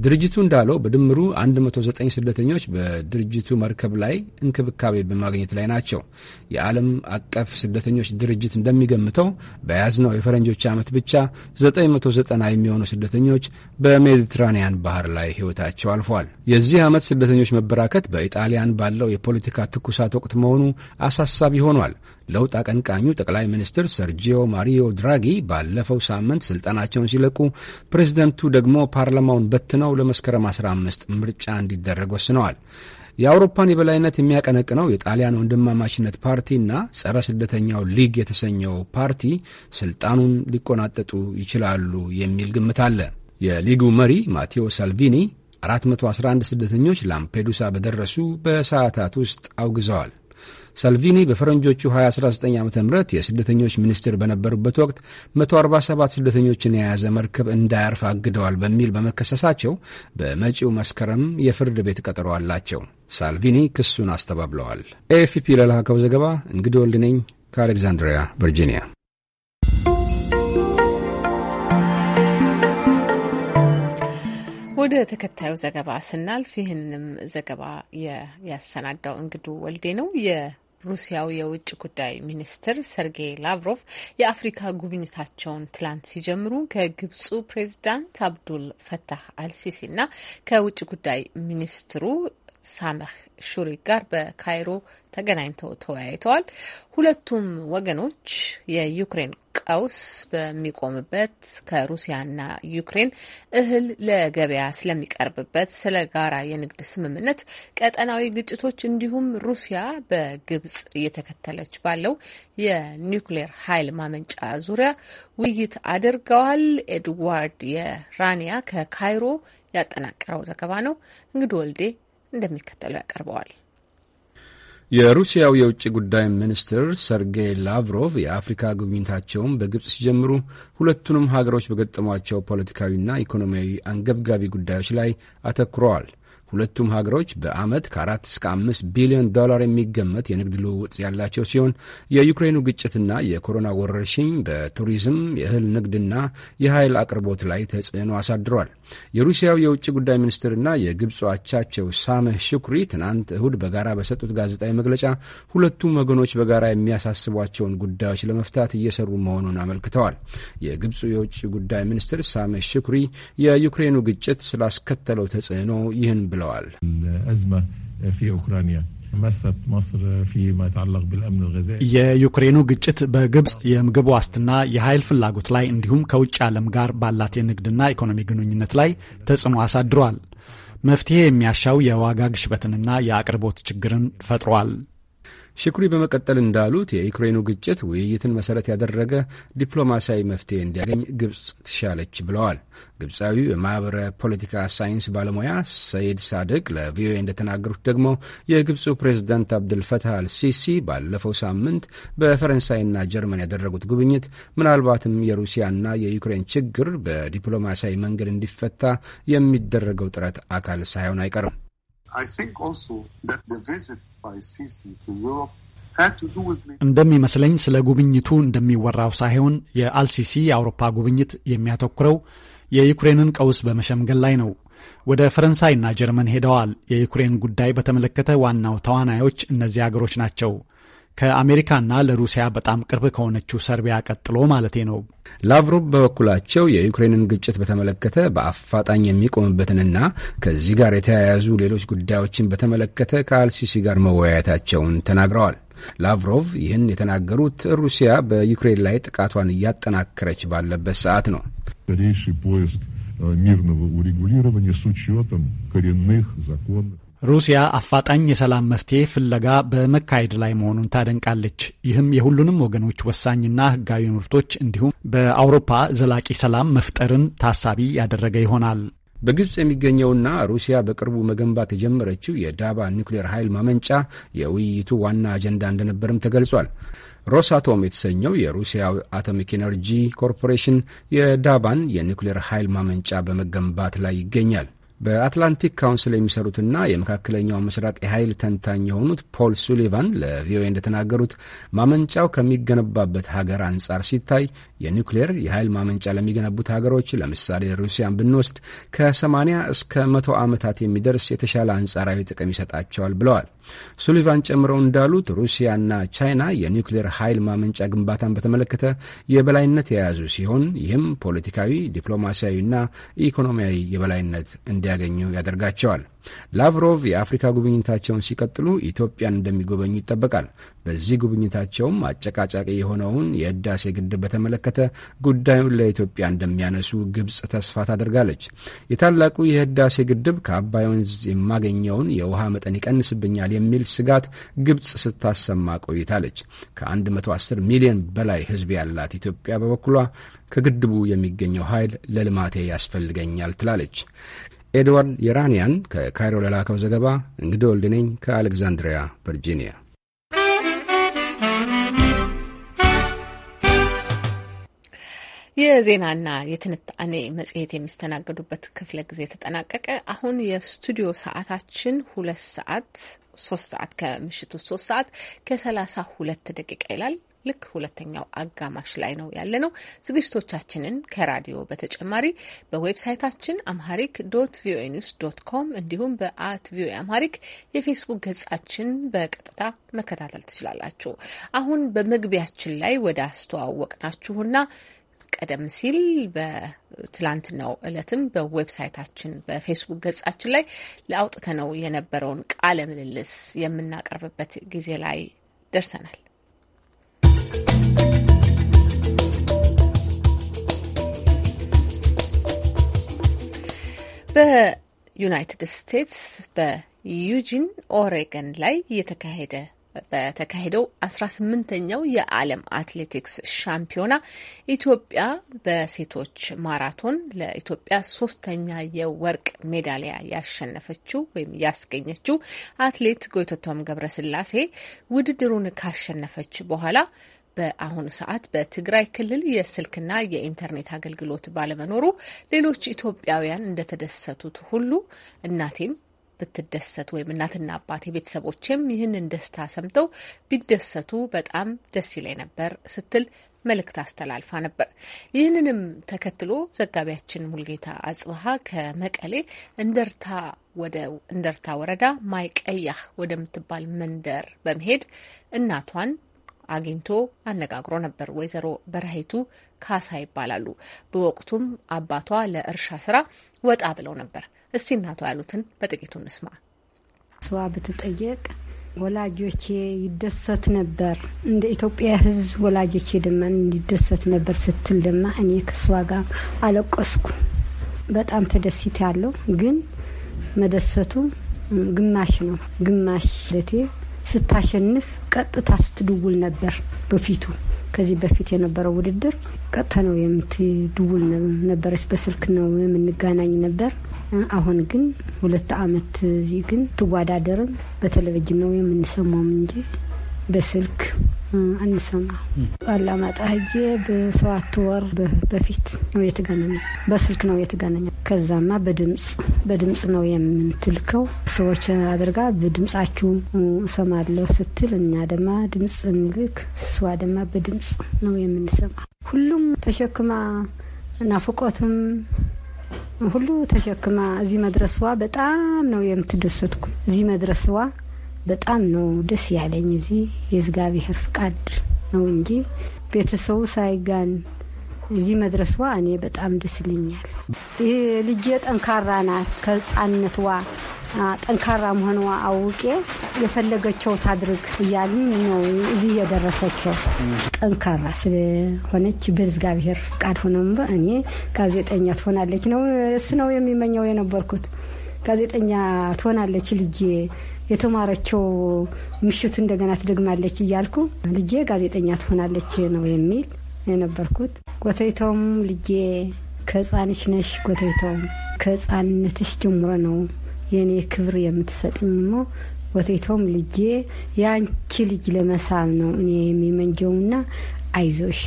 ድርጅቱ እንዳለው በድምሩ 109 ስደተኞች በድርጅቱ መርከብ ላይ እንክብካቤ በማግኘት ላይ ናቸው። የዓለም አቀፍ ስደተኞች ድርጅት እንደሚገምተው በያዝነው የፈረንጆች ዓመት ብቻ 990 የሚሆኑ ስደተኞች በሜዲትራኒያን ባህር ላይ ሕይወታቸው አልፏል። የዚህ ዓመት ስደተኞች መበራከት በኢጣሊያን ባለው የፖለቲካ ትኩሳት ወቅት መሆኑ አሳሳቢ ሆኗል። ለውጥ አቀንቃኙ ጠቅላይ ሚኒስትር ሰርጂዮ ማሪዮ ድራጊ ባለፈው ሳምንት ስልጣናቸውን ሲለቁ ፕሬዝደንቱ ደግሞ ፓርላማውን በትነው ለመስከረም 15 ምርጫ እንዲደረግ ወስነዋል። የአውሮፓን የበላይነት የሚያቀነቅነው የጣሊያን ወንድማማችነት ፓርቲና ጸረ ስደተኛው ሊግ የተሰኘው ፓርቲ ስልጣኑን ሊቆናጠጡ ይችላሉ የሚል ግምት አለ። የሊጉ መሪ ማቴዎ ሳልቪኒ 411 ስደተኞች ላምፔዱሳ በደረሱ በሰዓታት ውስጥ አውግዘዋል። ሳልቪኒ በፈረንጆቹ 2019 ዓ ም የስደተኞች ሚኒስትር በነበሩበት ወቅት 147 ስደተኞችን የያዘ መርከብ እንዳያርፍ አግደዋል በሚል በመከሰሳቸው በመጪው መስከረም የፍርድ ቤት ቀጠሮ አላቸው። ሳልቪኒ ክሱን አስተባብለዋል። ኤኤፍፒ ለላከው ዘገባ እንግዲህ ነኝ ከአሌክዛንድሪያ ቨርጂኒያ። ወደ ተከታዩ ዘገባ ስናልፍ ይህንም ዘገባ ያሰናዳው እንግዱ ወልዴ ነው። ሩሲያው የውጭ ጉዳይ ሚኒስትር ሰርጌይ ላቭሮቭ የአፍሪካ ጉብኝታቸውን ትላንት ሲጀምሩ ከግብፁ ፕሬዚዳንት አብዱል ፈታህ አልሲሲና ከውጭ ጉዳይ ሚኒስትሩ ሳመህ ሹሪ ጋር በካይሮ ተገናኝተው ተወያይተዋል። ሁለቱም ወገኖች የዩክሬን ቀውስ በሚቆምበት ከሩሲያና ዩክሬን እህል ለገበያ ስለሚቀርብበት ስለ ጋራ የንግድ ስምምነት፣ ቀጠናዊ ግጭቶች እንዲሁም ሩሲያ በግብጽ እየተከተለች ባለው የኒውክሌር ኃይል ማመንጫ ዙሪያ ውይይት አድርገዋል። ኤድዋርድ የራኒያ ከካይሮ ያጠናቀረው ዘገባ ነው። እንግዲህ ወልዴ እንደሚከተለው ያቀርበዋል። የሩሲያው የውጭ ጉዳይ ሚኒስትር ሰርጌይ ላቭሮቭ የአፍሪካ ጉብኝታቸውን በግብፅ ሲጀምሩ ሁለቱንም ሀገሮች በገጠሟቸው ፖለቲካዊና ኢኮኖሚያዊ አንገብጋቢ ጉዳዮች ላይ አተኩረዋል። ሁለቱም ሀገሮች በዓመት ከ4 እስከ 5 ቢሊዮን ዶላር የሚገመት የንግድ ልውውጥ ያላቸው ሲሆን የዩክሬኑ ግጭትና የኮሮና ወረርሽኝ በቱሪዝም የእህል ንግድና የኃይል አቅርቦት ላይ ተጽዕኖ አሳድሯል። የሩሲያው የውጭ ጉዳይ ሚኒስትርና የግብፅ አቻቸው ሳምህ ሹክሪ ትናንት እሁድ በጋራ በሰጡት ጋዜጣዊ መግለጫ ሁለቱም ወገኖች በጋራ የሚያሳስቧቸውን ጉዳዮች ለመፍታት እየሰሩ መሆኑን አመልክተዋል። የግብፁ የውጭ ጉዳይ ሚኒስትር ሳምህ ሹክሪ የዩክሬኑ ግጭት ስላስከተለው ተጽዕኖ ይህን ብለዋል። የዩክሬኑ ግጭት በግብፅ የምግብ ዋስትና፣ የኃይል ፍላጎት ላይ እንዲሁም ከውጭ ዓለም ጋር ባላት የንግድና ኢኮኖሚ ግንኙነት ላይ ተጽዕኖ አሳድሯል። መፍትሄ የሚያሻው የዋጋ ግሽበትንና የአቅርቦት ችግርን ፈጥሯል። ሽኩሪ በመቀጠል እንዳሉት የዩክሬኑ ግጭት ውይይትን መሰረት ያደረገ ዲፕሎማሲያዊ መፍትሄ እንዲያገኝ ግብፅ ትሻለች ብለዋል። ግብፃዊው የማኅበረ ፖለቲካ ሳይንስ ባለሙያ ሰይድ ሳድቅ ለቪኦኤ እንደተናገሩት ደግሞ የግብፁ ፕሬዝዳንት አብድልፈታህ አልሲሲ ባለፈው ሳምንት በፈረንሳይና ጀርመን ያደረጉት ጉብኝት ምናልባትም የሩሲያና የዩክሬን ችግር በዲፕሎማሲያዊ መንገድ እንዲፈታ የሚደረገው ጥረት አካል ሳይሆን አይቀርም። እንደሚመስለኝ ስለ ጉብኝቱ እንደሚወራው ሳይሆን የአልሲሲ የአውሮፓ ጉብኝት የሚያተኩረው የዩክሬንን ቀውስ በመሸምገል ላይ ነው። ወደ ፈረንሳይና ጀርመን ሄደዋል። የዩክሬን ጉዳይ በተመለከተ ዋናው ተዋናዮች እነዚህ አገሮች ናቸው። ከአሜሪካና ለሩሲያ በጣም ቅርብ ከሆነችው ሰርቢያ ቀጥሎ ማለቴ ነው። ላቭሮቭ በበኩላቸው የዩክሬንን ግጭት በተመለከተ በአፋጣኝ የሚቆምበትንና ከዚህ ጋር የተያያዙ ሌሎች ጉዳዮችን በተመለከተ ከአልሲሲ ጋር መወያየታቸውን ተናግረዋል። ላቭሮቭ ይህን የተናገሩት ሩሲያ በዩክሬን ላይ ጥቃቷን እያጠናከረች ባለበት ሰዓት ነው። ሚርного э, урегулирования с учетом коренных законов ሩሲያ አፋጣኝ የሰላም መፍትሄ ፍለጋ በመካሄድ ላይ መሆኑን ታደንቃለች። ይህም የሁሉንም ወገኖች ወሳኝና ሕጋዊ መብቶች እንዲሁም በአውሮፓ ዘላቂ ሰላም መፍጠርን ታሳቢ ያደረገ ይሆናል። በግብፅ የሚገኘውና ሩሲያ በቅርቡ መገንባት የጀመረችው የዳባ ኒውክሌር ኃይል ማመንጫ የውይይቱ ዋና አጀንዳ እንደነበርም ተገልጿል። ሮሳቶም የተሰኘው የሩሲያ አቶሚክ ኤነርጂ ኮርፖሬሽን የዳባን የኒውክሌር ኃይል ማመንጫ በመገንባት ላይ ይገኛል። በአትላንቲክ ካውንስል የሚሰሩትና የመካከለኛው ምስራቅ የኃይል ተንታኝ የሆኑት ፖል ሱሊቫን ለቪኦኤ እንደተናገሩት ማመንጫው ከሚገነባበት ሀገር አንጻር ሲታይ የኒውክሌር የኃይል ማመንጫ ለሚገነቡት ሀገሮች ለምሳሌ ሩሲያን ብንወስድ ከ80 እስከ 100 ዓመታት የሚደርስ የተሻለ አንጻራዊ ጥቅም ይሰጣቸዋል ብለዋል። ሱሊቫን ጨምረው እንዳሉት ሩሲያና ቻይና የኒውክሌር ኃይል ማመንጫ ግንባታን በተመለከተ የበላይነት የያዙ ሲሆን ይህም ፖለቲካዊ፣ ዲፕሎማሲያዊና ኢኮኖሚያዊ የበላይነት እንዲ እንዲያገኙ ያደርጋቸዋል። ላቭሮቭ የአፍሪካ ጉብኝታቸውን ሲቀጥሉ ኢትዮጵያን እንደሚጎበኙ ይጠበቃል። በዚህ ጉብኝታቸውም አጨቃጫቂ የሆነውን የህዳሴ ግድብ በተመለከተ ጉዳዩን ለኢትዮጵያ እንደሚያነሱ ግብጽ ተስፋ ታደርጋለች። የታላቁ የህዳሴ ግድብ ከአባይ ወንዝ የማገኘውን የውሃ መጠን ይቀንስብኛል የሚል ስጋት ግብጽ ስታሰማ ቆይታለች። ከ110 ሚሊዮን በላይ ህዝብ ያላት ኢትዮጵያ በበኩሏ ከግድቡ የሚገኘው ኃይል ለልማቴ ያስፈልገኛል ትላለች። ኤድዋርድ የራንያን ከካይሮ ለላከው ዘገባ እንግዲ ነኝ ከአሌክዛንድሪያ ቨርጂኒያ። የዜናና የትንታኔ መጽሔት የሚስተናገዱበት ክፍለ ጊዜ ተጠናቀቀ። አሁን የስቱዲዮ ሰዓታችን ሁለት ሰዓት ሶስት ሰዓት ከምሽቱ ሶስት ሰዓት ከሰላሳ ሁለት ደቂቃ ይላል። ልክ ሁለተኛው አጋማሽ ላይ ነው ያለነው። ዝግጅቶቻችንን ከራዲዮ በተጨማሪ በዌብሳይታችን አምሃሪክ ዶት ቪኦኤ ኒውስ ዶት ኮም እንዲሁም በአት ቪኦኤ አምሃሪክ የፌስቡክ ገጻችን በቀጥታ መከታተል ትችላላችሁ። አሁን በመግቢያችን ላይ ወደ አስተዋወቅናችሁና ቀደም ሲል በትላንትናው እለትም በዌብሳይታችን በፌስቡክ ገጻችን ላይ ነው የነበረውን ቃለ ምልልስ የምናቀርብበት ጊዜ ላይ ደርሰናል። በዩናይትድ ስቴትስ በዩጂን ኦሬገን ላይ እየተካሄደ በተካሄደው አስራ ስምንተኛው የዓለም አትሌቲክስ ሻምፒዮና ኢትዮጵያ በሴቶች ማራቶን ለኢትዮጵያ ሶስተኛ የወርቅ ሜዳሊያ ያሸነፈችው ወይም ያስገኘችው አትሌት ጎይተቶም ገብረስላሴ ውድድሩን ካሸነፈች በኋላ በአሁኑ ሰዓት በትግራይ ክልል የስልክና የኢንተርኔት አገልግሎት ባለመኖሩ ሌሎች ኢትዮጵያውያን እንደተደሰቱት ሁሉ እናቴም ብትደሰት ወይም እናትና አባቴ ቤተሰቦችም ይህንን ደስታ ሰምተው ቢደሰቱ በጣም ደስ ይለኝ ነበር ስትል መልእክት አስተላልፋ ነበር። ይህንንም ተከትሎ ዘጋቢያችን ሙልጌታ አጽብሃ ከመቀሌ እንደርታ ወደ እንደርታ ወረዳ ማይቀያህ ወደምትባል መንደር በመሄድ እናቷን አግኝቶ አነጋግሮ ነበር። ወይዘሮ በረሀይቱ ካሳ ይባላሉ። በወቅቱም አባቷ ለእርሻ ስራ ወጣ ብለው ነበር። እስቲ እናቷ ያሉትን በጥቂቱ እንስማ። ስዋ ብትጠየቅ ወላጆቼ ይደሰት ነበር፣ እንደ ኢትዮጵያ ሕዝብ ወላጆቼ ድማ ይደሰት ነበር ስትል ድማ እኔ ከስዋ ጋር አለቀስኩ። በጣም ተደስት ያለው ግን መደሰቱ ግማሽ ነው ግማሽ ለቴ ስታሸንፍ ቀጥታ ስትድውል ነበር በፊቱ ከዚህ በፊት የነበረው ውድድር ቀጥታ ነው የምትድውል ነበረች። በስልክ ነው የምንገናኝ ነበር። አሁን ግን ሁለት አመት እዚህ ግን ትወዳደርም በቴሌቪዥን ነው የምንሰማውም እንጂ በስልክ አንሰማ አላማጣ ህጄ በሰባት ወር በፊት ነው የተገናኘ። በስልክ ነው የተገናኘ። ከዛማ በድምፅ በድምፅ ነው የምንትልከው ሰዎች አድርጋ በድምፃችሁ እሰማለሁ ስትል እኛ ደማ ድምፅ እንልክ፣ እሷ ደማ በድምፅ ነው የምንሰማ። ሁሉም ተሸክማ ናፍቆትም ሁሉ ተሸክማ እዚህ መድረስዋ በጣም ነው የምትደሰትኩ እዚህ መድረስዋ በጣም ነው ደስ ያለኝ። እዚህ የእግዚአብሔር ፍቃድ ነው እንጂ ቤተሰቡ ሳይጋን እዚህ መድረስዋ እኔ በጣም ደስ ይለኛል። ይህ ልጄ ጠንካራ ናት። ከህፃንነትዋ ጠንካራ መሆንዋ አውቄ የፈለገቸው ታድርግ እያልን ነው እዚህ የደረሰችው። ጠንካራ ስለሆነች በእግዚአብሔር ፍቃድ ሆኖም እኔ ጋዜጠኛ ትሆናለች ነው እሱ ነው የሚመኘው የነበርኩት ጋዜጠኛ ትሆናለች ልጄ የተማረችው ምሽቱ እንደገና ትደግማለች እያልኩ ልጄ ጋዜጠኛ ትሆናለች ነው የሚል የነበርኩት። ጎተይቶም ልጄ ከህፃንች ነሽ፣ ጎተይቶም ከህፃንነትሽ ጀምሮ ነው የእኔ ክብር የምትሰጥኝ ሞ ጎተይቶም ልጄ የአንቺ ልጅ ለመሳብ ነው እኔ የሚመንጀውና አይዞሽ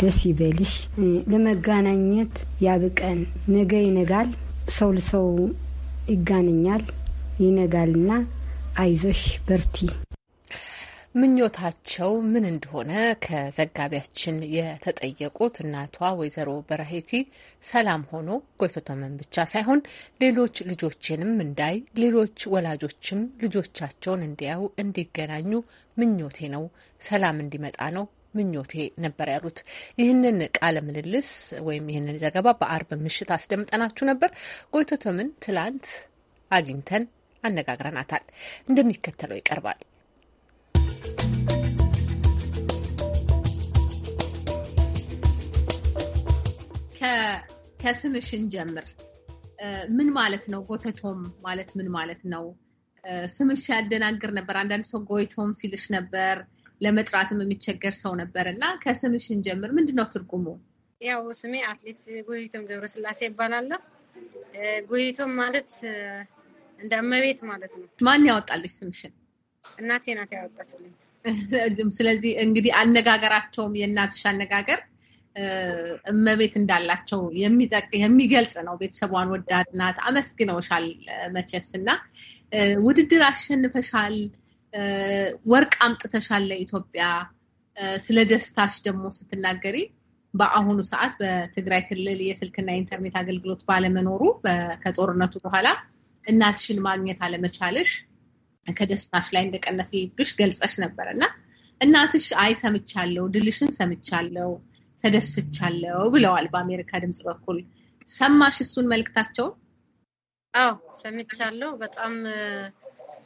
ደስ ይበልሽ፣ ለመጋናኘት ያብቀን። ነገ ይነጋል፣ ሰው ለሰው ይጋንኛል፣ ይነጋልና አይዞሽ በርቲ ምኞታቸው ምን እንደሆነ ከዘጋቢያችን የተጠየቁት እናቷ ወይዘሮ በረሄቲ ሰላም ሆኖ ጎይቶተመን ብቻ ሳይሆን ሌሎች ልጆችንም እንዳይ ሌሎች ወላጆችም ልጆቻቸውን እንዲያዩ እንዲገናኙ ምኞቴ ነው፣ ሰላም እንዲመጣ ነው ምኞቴ ነበር ያሉት። ይህንን ቃለ ምልልስ ወይም ይህንን ዘገባ በአርብ ምሽት አስደምጠናችሁ ነበር። ጎይቶተምን ትላንት አግኝተን አነጋግረናታል። እንደሚከተለው ይቀርባል። ከስምሽን ጀምር። ምን ማለት ነው? ጎተቶም ማለት ምን ማለት ነው? ስምሽ ሲያደናግር ነበር። አንዳንድ ሰው ጎይቶም ሲልሽ ነበር። ለመጥራትም የሚቸገር ሰው ነበር እና ከስምሽን ጀምር። ምንድን ነው ትርጉሙ? ያው ስሜ አትሌት ጎይቶም ገብረስላሴ ይባላለሁ። ጎይቶም ማለት እንደ እመቤት ማለት ነው። ማን ያወጣልሽ ስምሽን? እናቴ ናት ያወጣችልኝ። <laughs> ስለዚህ እንግዲህ አነጋገራቸውም የእናትሽ አነጋገር እመቤት እንዳላቸው የሚገልጽ ነው። ቤተሰቧን ወዳድ ናት። አመስግነውሻል መቼስ እና ውድድር አሸንፈሻል፣ ወርቅ አምጥተሻል ለኢትዮጵያ። ስለ ደስታሽ ደግሞ ስትናገሪ በአሁኑ ሰዓት በትግራይ ክልል የስልክና የኢንተርኔት አገልግሎት ባለመኖሩ ከጦርነቱ በኋላ እናትሽን ማግኘት አለመቻልሽ ከደስታሽ ላይ እንደቀነሰብሽ ገልጸሽ ነበር እና እናትሽ አይ ሰምቻለሁ፣ ድልሽን ሰምቻለሁ፣ ተደስቻለሁ ብለዋል በአሜሪካ ድምፅ በኩል ሰማሽ እሱን መልክታቸው አዎ ሰምቻለሁ። በጣም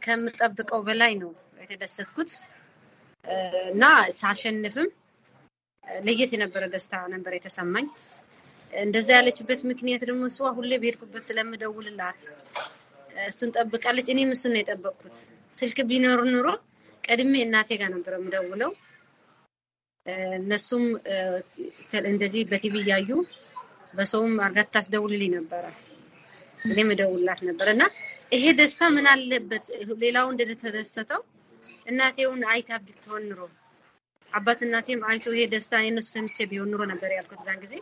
ከምጠብቀው በላይ ነው የተደሰትኩት እና ሳሸንፍም ለየት የነበረ ደስታ ነበር የተሰማኝ። እንደዛ ያለችበት ምክንያት ደግሞ እሷ ሁሌ በሄድኩበት ስለምደውልላት እሱን ጠብቃለች። እኔም እሱን ነው የጠበቅኩት። ስልክ ቢኖር ኑሮ ቀድሜ እናቴ ጋር ነበረ ምደውለው። እነሱም እንደዚህ በቲቪ እያዩ በሰውም አርጋ ታስደውልልኝ ነበረ፣ እኔም እደውልላት ነበር እና ይሄ ደስታ ምን አለበት ሌላው እንደተደሰተው እናቴውን አይታ ብትሆን ኑሮ አባት እናቴም አይቶ ይሄ ደስታ የነሱ ሰምቼ ቢሆን ኑሮ ነበር ያልኩት ዛን ጊዜ።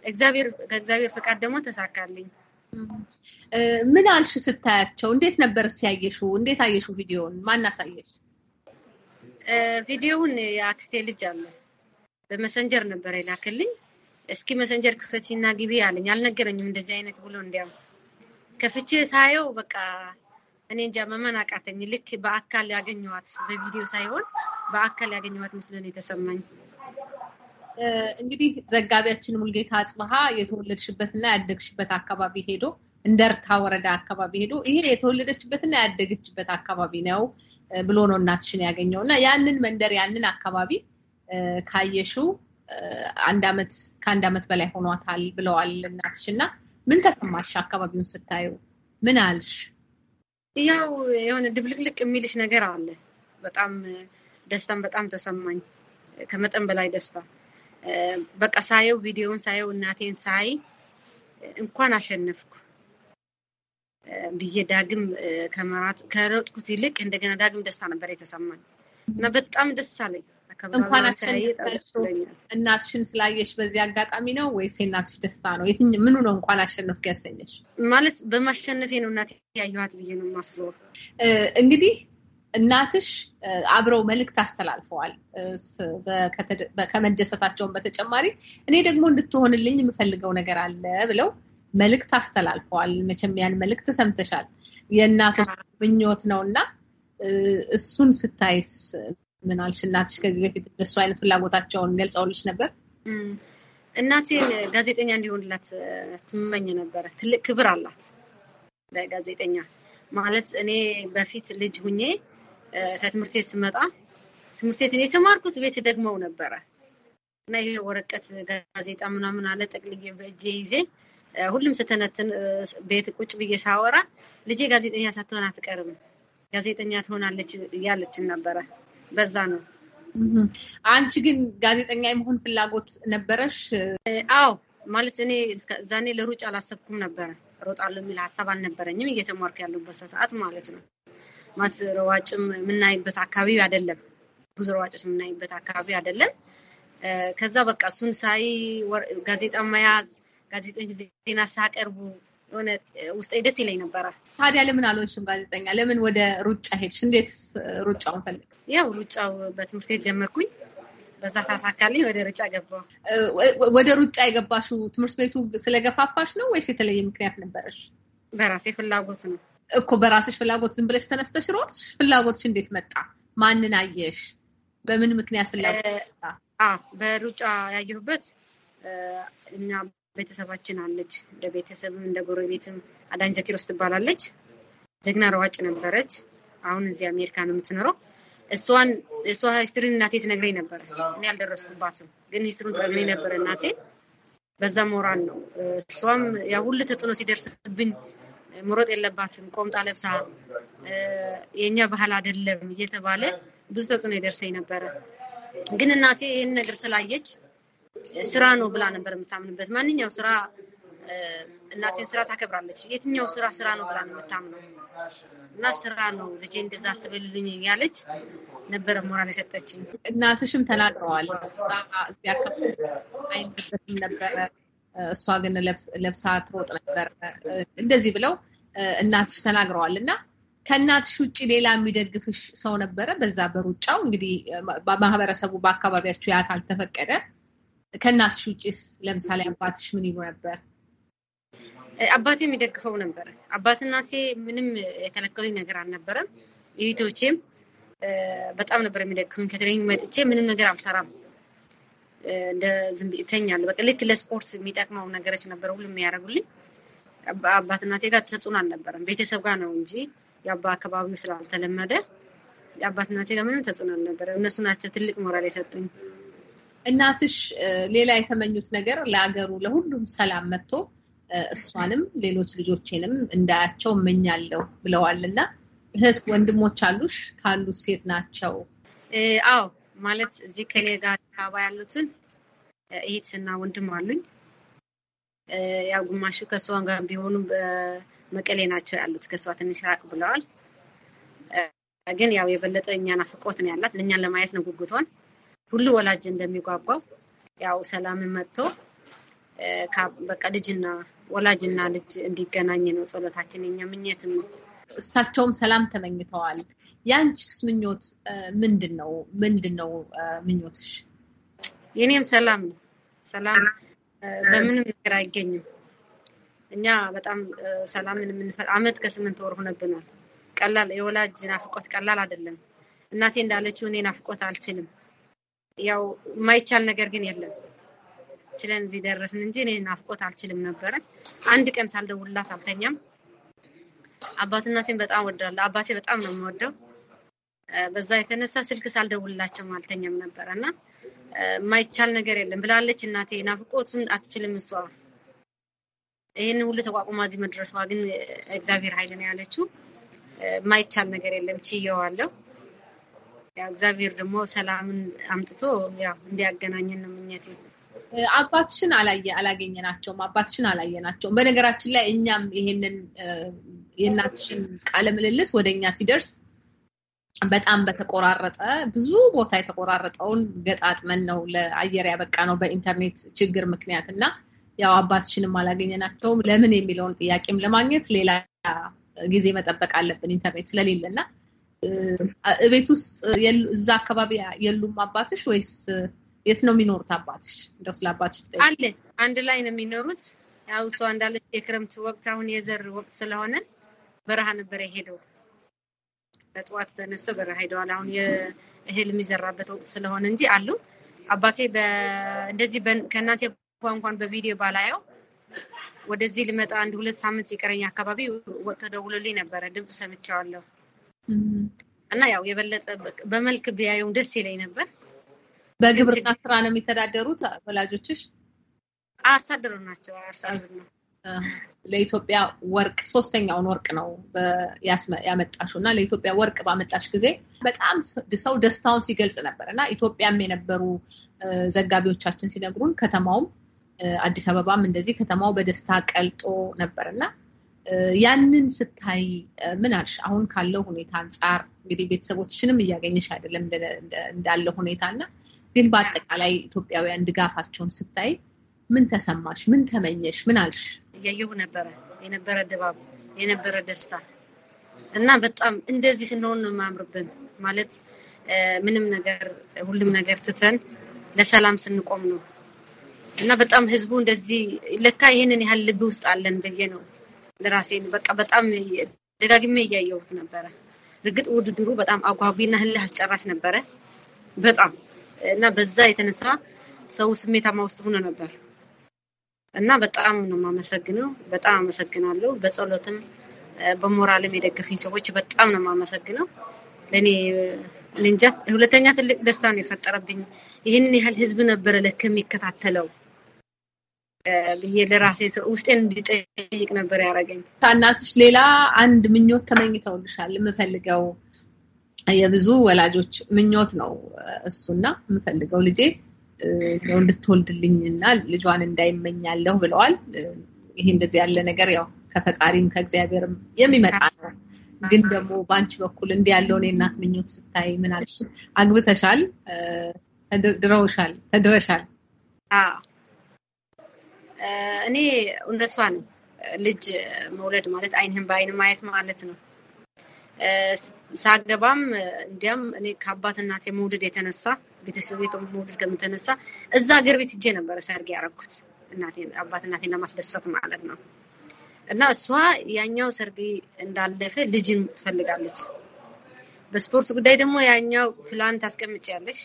ከእግዚአብሔር ፈቃድ ደግሞ ተሳካልኝ። ምን አልሽ ስታያቸው? እንዴት ነበር ሲያየሹ? እንዴት አየሹ? ቪዲዮውን ማን አሳየሽ? ቪዲዮውን የአክስቴ ልጅ አለ በመሰንጀር ነበር የላክልኝ። እስኪ መሰንጀር ክፈቺና ግቢ አለኝ። አልነገረኝም እንደዚህ አይነት ብሎ እንዲያው ከፍቼ ሳየው በቃ እኔ እንጃ መመን አቃተኝ። ልክ በአካል ያገኘዋት በቪዲዮ ሳይሆን በአካል ያገኘዋት ነው የተሰማኝ እንግዲህ ዘጋቢያችን ሙልጌታ አጽብሃ የተወለድሽበትና ያደግሽበት አካባቢ ሄዶ እንደርታ ወረዳ አካባቢ ሄዶ ይሄ የተወለደችበትና ያደገችበት አካባቢ ነው ብሎ ነው እናትሽን ያገኘው እና ያንን መንደር ያንን አካባቢ ካየሽው አንድ ከአንድ አመት በላይ ሆኗታል ብለዋል እናትሽ እና ምን ተሰማሽ? አካባቢውን ስታዩ ምን አልሽ? ያው የሆነ ድብልቅልቅ የሚልሽ ነገር አለ። በጣም ደስታም በጣም ተሰማኝ፣ ከመጠን በላይ ደስታ በቃ ሳየው ቪዲዮውን ሳየው እናቴን ሳይ እንኳን አሸነፍኩ ብዬ ዳግም ከሮጥኩት ይልቅ እንደገና ዳግም ደስታ ነበር የተሰማኝ እና በጣም ደስ አለኝ። እንኳን አሸነፍሽ እናትሽን ስላየሽ በዚህ አጋጣሚ ነው ወይስ የእናትሽ ደስታ ነው? ምኑ ነው እንኳን አሸነፍኩ ያሰኘሽ? ማለት በማሸነፌ ነው እናቴ ያየኋት ብዬ ነው የማስበው እንግዲህ እናትሽ አብረው መልእክት አስተላልፈዋል። ከመደሰታቸውን በተጨማሪ እኔ ደግሞ እንድትሆንልኝ የምፈልገው ነገር አለ ብለው መልእክት አስተላልፈዋል። መቼም ያን መልእክት ሰምተሻል። የእናቶች ምኞት ነው እና እሱን ስታይስ ምን አልሽ? እናትሽ ከዚህ በፊት እንደሱ አይነት ፍላጎታቸውን ገልጸውልሽ ነበር? እናቴን ጋዜጠኛ እንዲሆንላት ትመኝ ነበረ። ትልቅ ክብር አላት ለጋዜጠኛ ማለት እኔ በፊት ልጅ ሁኜ ከትምህርት ቤት ስመጣ ትምህርት ቤትን የተማርኩት ቤት ደግመው ነበረ እና ይሄ ወረቀት ጋዜጣ ምናምን አለ ጠቅልዬ በእጄ ይዜ ሁሉም ስተነትን ቤት ቁጭ ብዬ ሳወራ ልጄ ጋዜጠኛ ሳትሆን አትቀርም፣ ጋዜጠኛ ትሆናለች እያለችን ነበረ። በዛ ነው። አንቺ ግን ጋዜጠኛ የመሆን ፍላጎት ነበረሽ? አዎ ማለት እኔ እዛኔ ለሩጫ አላሰብኩም ነበረ። ሮጣለሁ የሚል ሀሳብ አልነበረኝም እየተማርኩ ያለበት ሰዓት ማለት ነው። ማት ሯጭም የምናይበት አካባቢ አይደለም። ብዙ ሯጮች የምናይበት አካባቢ አይደለም። ከዛ በቃ እሱን ሳይ ጋዜጣ መያዝ፣ ጋዜጠኞች ዜና ሳቀርቡ የሆነ ውስጤ ደስ ይለኝ ነበረ። ታዲያ ለምን አልሆንሽም ጋዜጠኛ? ለምን ወደ ሩጫ ሄድሽ? እንዴት ሩጫውን ፈልግ? ያው ሩጫው በትምህርት ቤት ጀመርኩኝ። በዛ ታሳካለኝ ወደ ሩጫ ገባሁ። ወደ ሩጫ የገባሽው ትምህርት ቤቱ ስለገፋፋሽ ነው ወይስ የተለየ ምክንያት ነበረሽ? በራሴ ፍላጎት ነው። እኮ በራስሽ ፍላጎት ዝም ብለሽ ተነስተሽ ሮጥሽ። ፍላጎትሽ እንዴት መጣ? ማንን አየሽ? በምን ምክንያት ፍላጎት በሩጫ ያየሁበት እኛ ቤተሰባችን አለች። እንደ ቤተሰብም እንደ ጎረቤትም አዳኝ ዘኪሮስ ትባላለች። ጀግና ሯጭ ነበረች። አሁን እዚህ አሜሪካ ነው የምትኖረው። እሷን እሷ ሂስትሪን እናቴ ትነግረኝ ነበር። እኔ አልደረስኩባትም፣ ግን ሂስትሪን ትነግረኝ ነበር እናቴ። በዛ ሞራል ነው እሷም ያ ሁሉ ተጽዕኖ ሲደርስብኝ መሮጥ የለባትም ቆምጣ ለብሳ የእኛ ባህል አይደለም እየተባለ ብዙ ተጽዕኖ ይደርሰኝ ነበረ። ግን እናቴ ይህን ነገር ስላየች ስራ ነው ብላ ነበር የምታምንበት። ማንኛው ስራ እናቴን ስራ ታከብራለች። የትኛው ስራ ስራ ነው ብላ ነው የምታምነው እና ስራ ነው ልጄ እንደዛ አትበልልኝ እያለች ነበረ ሞራል የሰጠችኝ። እናትሽም ተናግረዋል ነበረ እሷ ግን ለብሳ ትሮጥ ነበር እንደዚህ ብለው እናትሽ ተናግረዋል እና ከእናትሽ ውጭ ሌላ የሚደግፍሽ ሰው ነበረ? በዛ በሩጫው እንግዲህ ማህበረሰቡ በአካባቢያችሁ ያ ካልተፈቀደ ከእናትሽ ውጭስ ለምሳሌ አባትሽ ምን ይሉ ነበር? አባቴ የሚደግፈው ነበር። አባት እናቴ ምንም የከለከሉኝ ነገር አልነበረም። ይቶቼም በጣም ነበር የሚደግፉኝ። ከትሬኒንግ መጥቼ ምንም ነገር አልሰራም እንደ ዝንብ እተኛለሁ። በቃ ልክ ለስፖርት የሚጠቅመው ነገሮች ነበረ ሁሉ የሚያደርጉልኝ። አባት እናቴ ጋር ተጽዕኖ አልነበረም። ቤተሰብ ጋር ነው እንጂ የአባ አካባቢው ስላልተለመደ አባት ጋር ምንም ተጽዕኖ አልነበረም። እነሱ ናቸው ትልቅ ሞራል የሰጡኝ። እናትሽ ሌላ የተመኙት ነገር ለአገሩ ለሁሉም ሰላም መጥቶ እሷንም ሌሎች ልጆቼንም እንዳያቸው እመኛለሁ ብለዋል እና እህት ወንድሞች አሉሽ? ካሉት ሴት ናቸው? አዎ ማለት እዚህ ከኔ ጋር አባ ያሉትን እህትና ወንድም አሉኝ። ያው ግማሹ ከእሷ ጋር ቢሆኑ በመቀሌ ናቸው ያሉት። ከእሷ ትንሽ ራቅ ብለዋል። ግን ያው የበለጠ እኛን አፍቆት ነው ያላት። ለእኛን ለማየት ነው ጉጉቷን። ሁሉ ወላጅ እንደሚጓጓው ያው ሰላምን መጥቶ በቃ ልጅና ወላጅና ልጅ እንዲገናኝ ነው ጸሎታችን፣ የኛ ምኘትም ነው። እሳቸውም ሰላም ተመኝተዋል። ያንቺስ ምኞት ምንድን ነው? ምንድን ነው ምኞትሽ? የኔም ሰላም ነው። ሰላም በምንም ነገር አይገኝም። እኛ በጣም ሰላምን የምንፈል አመት ከስምንት ወር ሆነብናል። ቀላል የወላጅ ናፍቆት ቀላል አይደለም። እናቴ እንዳለችው እኔ ናፍቆት አልችልም። ያው የማይቻል ነገር ግን የለም። ችለን እዚህ ደረስን እንጂ እኔ ናፍቆት አልችልም ነበረ። አንድ ቀን ሳልደውላት አልተኛም። አባትናቴን በጣም ወዳለሁ። አባቴ በጣም ነው የምወደው። በዛ የተነሳ ስልክ ሳልደውልላቸው አልተኛም ነበረ እና የማይቻል ነገር የለም ብላለች እናቴ። ናፍቆቱን አትችልም እሷ ይህን ሁሉ ተቋቁማ እዚህ መድረሷ ግን እግዚአብሔር ኃይል ነው ያለችው። የማይቻል ነገር የለም ችየዋለሁ። እግዚአብሔር ደግሞ ሰላምን አምጥቶ ያው እንዲያገናኘን ነው ምኞቴ። አባትሽን አላየ ናቸውም አባትሽን ናቸውም። በነገራችን ላይ እኛም ይሄንን የእናትሽን ቃለ ምልልስ ወደ እኛ ሲደርስ በጣም በተቆራረጠ ብዙ ቦታ የተቆራረጠውን ገጣጥመን ነው ለአየር ያበቃ ነው በኢንተርኔት ችግር ምክንያት እና ያው አባትሽንም አላገኘናቸውም። ለምን የሚለውን ጥያቄም ለማግኘት ሌላ ጊዜ መጠበቅ አለብን ኢንተርኔት ስለሌለ እና እቤት ውስጥ እዛ አካባቢ የሉም አባትሽ ወይስ የት ነው የሚኖሩት አባትሽ? እንደው ስለ አባትሽ አለ አንድ ላይ ነው የሚኖሩት። ያው እሷ እንዳለች የክረምት ወቅት አሁን የዘር ወቅት ስለሆነ በረሃ ነበር የሄደው በጠዋት ተነስተው በረሃ ሄደዋል። አሁን የእህል የሚዘራበት ወቅት ስለሆነ እንጂ አሉ። አባቴ እንደዚህ ከእናቴ እንኳን በቪዲዮ ባላየው ወደዚህ ልመጣ አንድ ሁለት ሳምንት ሲቀረኝ አካባቢ ወጥቶ ደውሎልኝ ነበረ። ድምፅ ሰምቼዋለሁ እና ያው የበለጠ በመልክ ቢያዩም ደስ ይለኝ ነበር። በግብርና ስራ ነው የሚተዳደሩት ወላጆችሽ? አሳድሩ ናቸው። አርሳዝ ነው ለኢትዮጵያ ወርቅ ሶስተኛውን ወርቅ ነው ያመጣሽው እና ለኢትዮጵያ ወርቅ ባመጣሽ ጊዜ በጣም ሰው ደስታውን ሲገልጽ ነበር እና ኢትዮጵያም የነበሩ ዘጋቢዎቻችን ሲነግሩን ከተማውም አዲስ አበባም እንደዚህ ከተማው በደስታ ቀልጦ ነበር እና ያንን ስታይ ምን አልሽ? አሁን ካለው ሁኔታ አንጻር እንግዲህ ቤተሰቦችንም እያገኘሽ አይደለም እንዳለ ሁኔታ እና ግን በአጠቃላይ ኢትዮጵያውያን ድጋፋቸውን ስታይ ምን ተሰማሽ? ምን ተመኘሽ? ምን አልሽ? እያየሁ ነበረ የነበረ ድባብ የነበረ ደስታ እና በጣም እንደዚህ ስንሆን ነው የማምርብን ማለት ምንም ነገር ሁሉም ነገር ትተን ለሰላም ስንቆም ነው እና በጣም ህዝቡ እንደዚህ ለካ ይህንን ያህል ልብ ውስጥ አለን ብዬ ነው ለራሴ በቃ በጣም ደጋግሜ እያየሁት ነበረ። እርግጥ ውድድሩ በጣም አጓቢና ህልህ አስጨራሽ ነበረ በጣም እና በዛ የተነሳ ሰው ስሜታማ ውስጥ ሆኖ ነበር። እና በጣም ነው የማመሰግነው። በጣም አመሰግናለሁ። በጸሎትም በሞራልም የደገፈኝ ሰዎች በጣም ነው የማመሰግነው። ለእኔ እንጃ ሁለተኛ ትልቅ ደስታ ነው የፈጠረብኝ። ይህንን ያህል ህዝብ ነበረ ለክ የሚከታተለው ብዬ ለራሴ ውስጤን እንዲጠይቅ ነበር ያደረገኝ። ከእናትሽ ሌላ አንድ ምኞት ተመኝተውልሻል። የምፈልገው የብዙ ወላጆች ምኞት ነው እሱና የምፈልገው ልጄ ነው እንድትወልድልኝ ልጇን እንዳይመኛለሁ ብለዋል። ይሄ እንደዚህ ያለ ነገር ያው ከፈጣሪም ከእግዚአብሔርም የሚመጣ ነው። ግን ደግሞ በአንቺ በኩል እንዲህ ያለውን የእናት ምኞት ስታይ ምን አልሽ? አግብተሻል፣ ድረውሻል፣ ተድረሻል። እኔ እውነቷ ነው። ልጅ መውለድ ማለት አይንህን በአይን ማየት ማለት ነው። ሳገባም እንዲያም እኔ ከአባት እናት የተነሳ ቤተሰብ የጦር መውደድ ከምተነሳ እዛ ሀገር ቤት እጄ ነበረ ሰርግ ያረኩት አባት እናቴን ለማስደሰት ማለት ነው። እና እሷ ያኛው ሰርግ እንዳለፈ ልጅን ትፈልጋለች። በስፖርት ጉዳይ ደግሞ ያኛው ፕላን ታስቀምጫለሽ።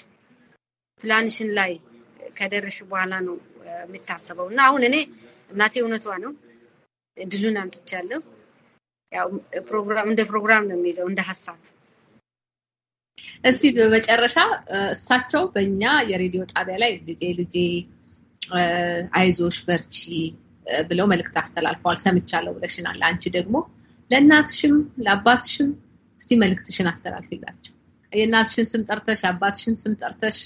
ፕላንሽን ላይ ከደረሽ በኋላ ነው የሚታሰበው። እና አሁን እኔ እናቴ እውነቷ ነው ድሉን አምጥቻለሁ። ያው ፕሮግራም እንደ ፕሮግራም ነው የሚይዘው እንደ ሀሳብ እስቲ በመጨረሻ እሳቸው በእኛ የሬዲዮ ጣቢያ ላይ ልጄ ልጄ አይዞሽ በርቺ ብለው መልእክት አስተላልፈዋል። ሰምቻለሁ ብለሽናል። አንቺ ደግሞ ለእናትሽም ለአባትሽም እስቲ መልእክትሽን አስተላልፊላቸው። የእናትሽን ስም ጠርተሽ የአባትሽን ስም ጠርተሽ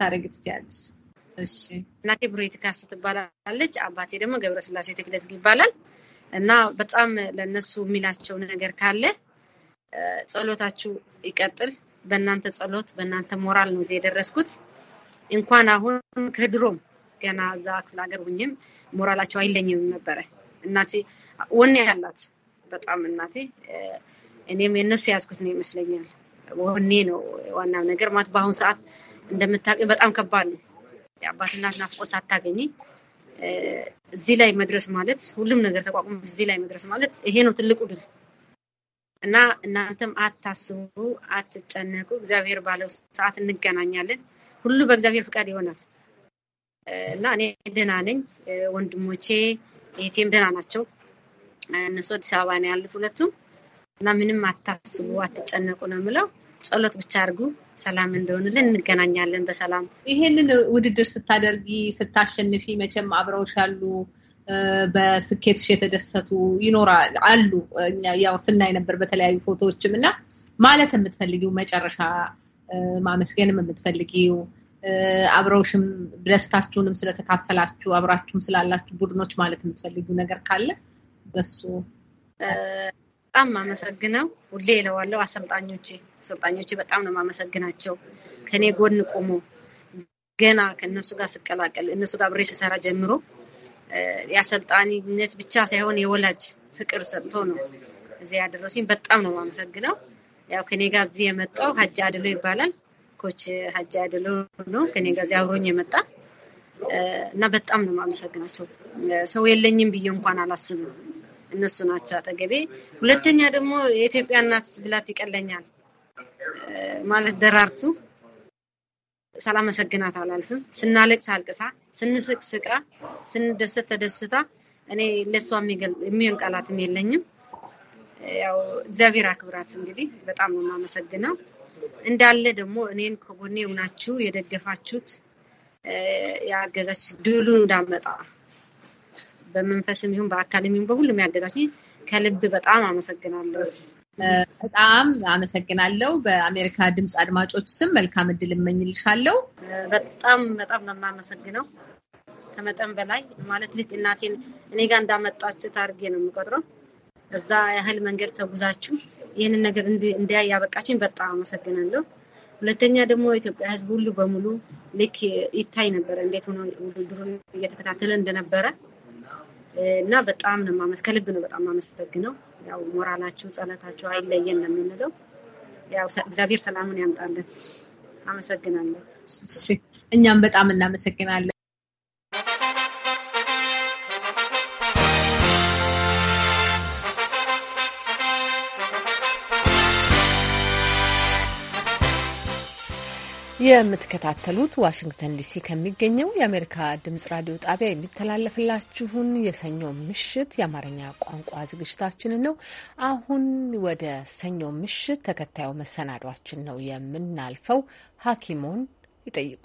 ታደረግ ትችያለሽ። እናቴ ብሩዬ ካሱ ትባላለች። አባቴ ደግሞ ገብረስላሴ ተክለዝግ ይባላል እና በጣም ለእነሱ የሚላቸው ነገር ካለ ጸሎታችሁ ይቀጥል በእናንተ ጸሎት፣ በእናንተ ሞራል ነው እዚህ የደረስኩት። እንኳን አሁን ከድሮም ገና እዛ ክፍለ ሀገር ሁኝም ሞራላቸው አይለኝም ነበረ። እናቴ ወኔ ያላት በጣም እናቴ፣ እኔም የእነሱ የያዝኩት ነው ይመስለኛል። ወኔ ነው ዋናው ነገር ማለት በአሁኑ ሰዓት እንደምታውቀኝ በጣም ከባድ ነው። የአባት እናት ናፍቆት ሳታገኝ እዚህ ላይ መድረስ ማለት ሁሉም ነገር ተቋቁሞ እዚህ ላይ መድረስ ማለት ይሄ ነው ትልቁ ድል። እና እናንተም አታስቡ፣ አትጨነቁ። እግዚአብሔር ባለው ሰዓት እንገናኛለን። ሁሉ በእግዚአብሔር ፍቃድ ይሆናል እና እኔ ደህና ነኝ። ወንድሞቼ የቴም ደህና ናቸው። እነሱ አዲስ አበባ ነው ያሉት ሁለቱም እና ምንም አታስቡ፣ አትጨነቁ ነው የምለው። ጸሎት ብቻ አድርጉ። ሰላም እንደሆንልን እንገናኛለን በሰላም። ይሄንን ውድድር ስታደርጊ ስታሸንፊ መቼም አብረውሽ ያሉ በስኬትሽ የተደሰቱ ይኖራል አሉ። ያው ስናይ ነበር በተለያዩ ፎቶዎችም እና ማለት የምትፈልጊው መጨረሻ ማመስገንም የምትፈልጊው አብረውሽም ደስታችሁንም ስለተካፈላችሁ አብራችሁም ስላላችሁ ቡድኖች ማለት የምትፈልጊው ነገር ካለ በሱ በጣም አመሰግነው። ሁሌ ይለዋለው አሰልጣኞቼ አሰልጣኞች በጣም ነው የማመሰግናቸው። ከኔ ጎን ቆሞ ገና ከእነሱ ጋር ስቀላቀል እነሱ ጋር አብሬ ስሰራ ጀምሮ የአሰልጣኝነት ብቻ ሳይሆን የወላጅ ፍቅር ሰጥቶ ነው እዚህ ያደረሱኝ። በጣም ነው የማመሰግነው። ያው ከኔ ጋር እዚህ የመጣው ሀጅ አድሎ ይባላል። ኮች ሀጅ አድሎ ነው ከኔ ጋር እዚህ አብሮኝ የመጣ እና በጣም ነው የማመሰግናቸው። ሰው የለኝም ብዬ እንኳን አላስብም። እነሱ ናቸው አጠገቤ። ሁለተኛ ደግሞ የኢትዮጵያ እናት ብላት ይቀለኛል። ማለት ደራርቱ ሳላመሰግናት አላልፍም። ስናለቅ ሳልቅሳ ስንስቅ ስቃ፣ ስንደሰት ተደስታ እኔ ለሷ የሚሆን ቃላትም የለኝም። ያው እግዚአብሔር አክብራት እንግዲህ በጣም ነው የማመሰግነው። እንዳለ ደግሞ እኔን ከጎኔ ሆናችሁ የደገፋችሁት ያገዛች ድሉ እንዳመጣ በመንፈስም ይሁን በአካልም ይሁን በሁሉም ያገዛችሁ ከልብ በጣም አመሰግናለሁ። በጣም አመሰግናለሁ። በአሜሪካ ድምፅ አድማጮች ስም መልካም እድል እመኝልሻለሁ። በጣም በጣም ነው የማመሰግነው። ከመጠን በላይ ማለት ልክ እናቴን እኔ ጋር እንዳመጣችሁት አድርጌ ነው የምቆጥረው። እዛ ያህል መንገድ ተጉዛችሁ ይህንን ነገር እንዲያ ያበቃችሁኝ በጣም አመሰግናለሁ። ሁለተኛ ደግሞ ኢትዮጵያ ሕዝብ ሁሉ በሙሉ ልክ ይታይ ነበረ እንዴት ሆኖ ውድድሩን እየተከታተለ እንደነበረ እና በጣም ነው ከልብ ነው በጣም የማመሰግነው። ያው ሞራላቸው ጸለታቸው አይለየን ነው የምንለው። ያው እግዚአብሔር ሰላሙን ያምጣልን። አመሰግናለሁ። እኛም በጣም እናመሰግናለን። የምትከታተሉት ዋሽንግተን ዲሲ ከሚገኘው የአሜሪካ ድምጽ ራዲዮ ጣቢያ የሚተላለፍላችሁን የሰኞ ምሽት የአማርኛ ቋንቋ ዝግጅታችንን ነው። አሁን ወደ ሰኞ ምሽት ተከታዩ መሰናዷችን ነው የምናልፈው። ሐኪሞን ይጠይቁ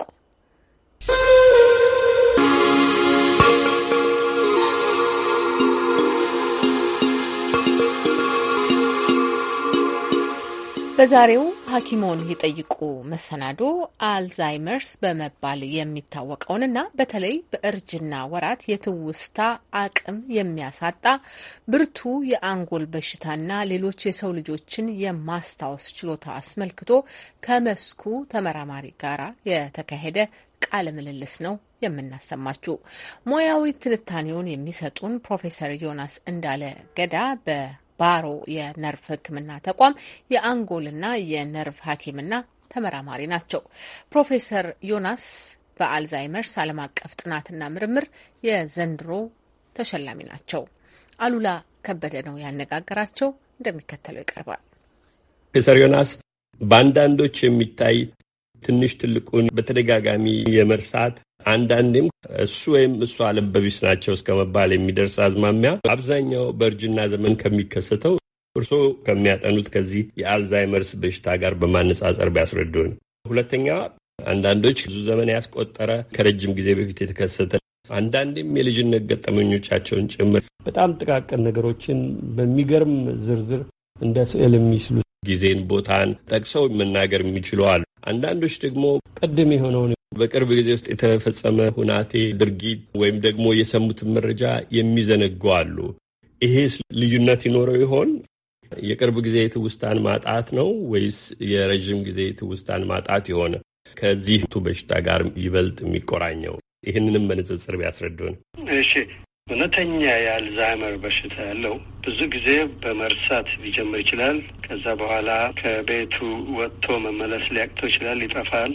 በዛሬው ሐኪሞን ይጠይቁ መሰናዶ አልዛይመርስ በመባል የሚታወቀውንና በተለይ በእርጅና ወራት የትውስታ አቅም የሚያሳጣ ብርቱ የአንጎል በሽታና ሌሎች የሰው ልጆችን የማስታወስ ችሎታ አስመልክቶ ከመስኩ ተመራማሪ ጋር የተካሄደ ቃለ ምልልስ ነው የምናሰማችሁ። ሙያዊ ትንታኔውን የሚሰጡን ፕሮፌሰር ዮናስ እንዳለ ገዳ በ ባሮ የነርቭ ሕክምና ተቋም የአንጎልና የነርቭ ሐኪምና ተመራማሪ ናቸው። ፕሮፌሰር ዮናስ በአልዛይመርስ ዓለም አቀፍ ጥናትና ምርምር የዘንድሮ ተሸላሚ ናቸው። አሉላ ከበደ ነው ያነጋገራቸው፣ እንደሚከተለው ይቀርባል። ፕሮፌሰር ዮናስ በአንዳንዶች የሚታይ ትንሽ ትልቁን በተደጋጋሚ የመርሳት አንዳንዴም እሱ ወይም እሷ ለበቢስ ናቸው እስከ መባል የሚደርስ አዝማሚያ አብዛኛው በእርጅና ዘመን ከሚከሰተው እርስዎ ከሚያጠኑት ከዚህ የአልዛይመርስ በሽታ ጋር በማነጻጸር ቢያስረዱን። ሁለተኛ አንዳንዶች ብዙ ዘመን ያስቆጠረ ከረጅም ጊዜ በፊት የተከሰተ አንዳንዴም የልጅነት ገጠመኞቻቸውን ጭምር በጣም ጥቃቅን ነገሮችን በሚገርም ዝርዝር እንደ ስዕል የሚስሉ ጊዜን ቦታን ጠቅሰው መናገር የሚችሉ አሉ። አንዳንዶች ደግሞ ቅድም የሆነውን በቅርብ ጊዜ ውስጥ የተፈጸመ ሁናቴ ድርጊት ወይም ደግሞ የሰሙትን መረጃ የሚዘነጉ አሉ። ይሄስ ልዩነት ይኖረው ይሆን? የቅርብ ጊዜ ትውስታን ማጣት ነው ወይስ የረዥም ጊዜ ትውስታን ማጣት የሆነ ከዚህ በሽታ ጋር ይበልጥ የሚቆራኘው? ይህንንም መነጽጽር ቢያስረዱን። እሺ፣ እውነተኛ የአልዛይመር በሽታ ያለው ብዙ ጊዜ በመርሳት ሊጀምር ይችላል። ከዛ በኋላ ከቤቱ ወጥቶ መመለስ ሊያቅተው ይችላል፣ ይጠፋል።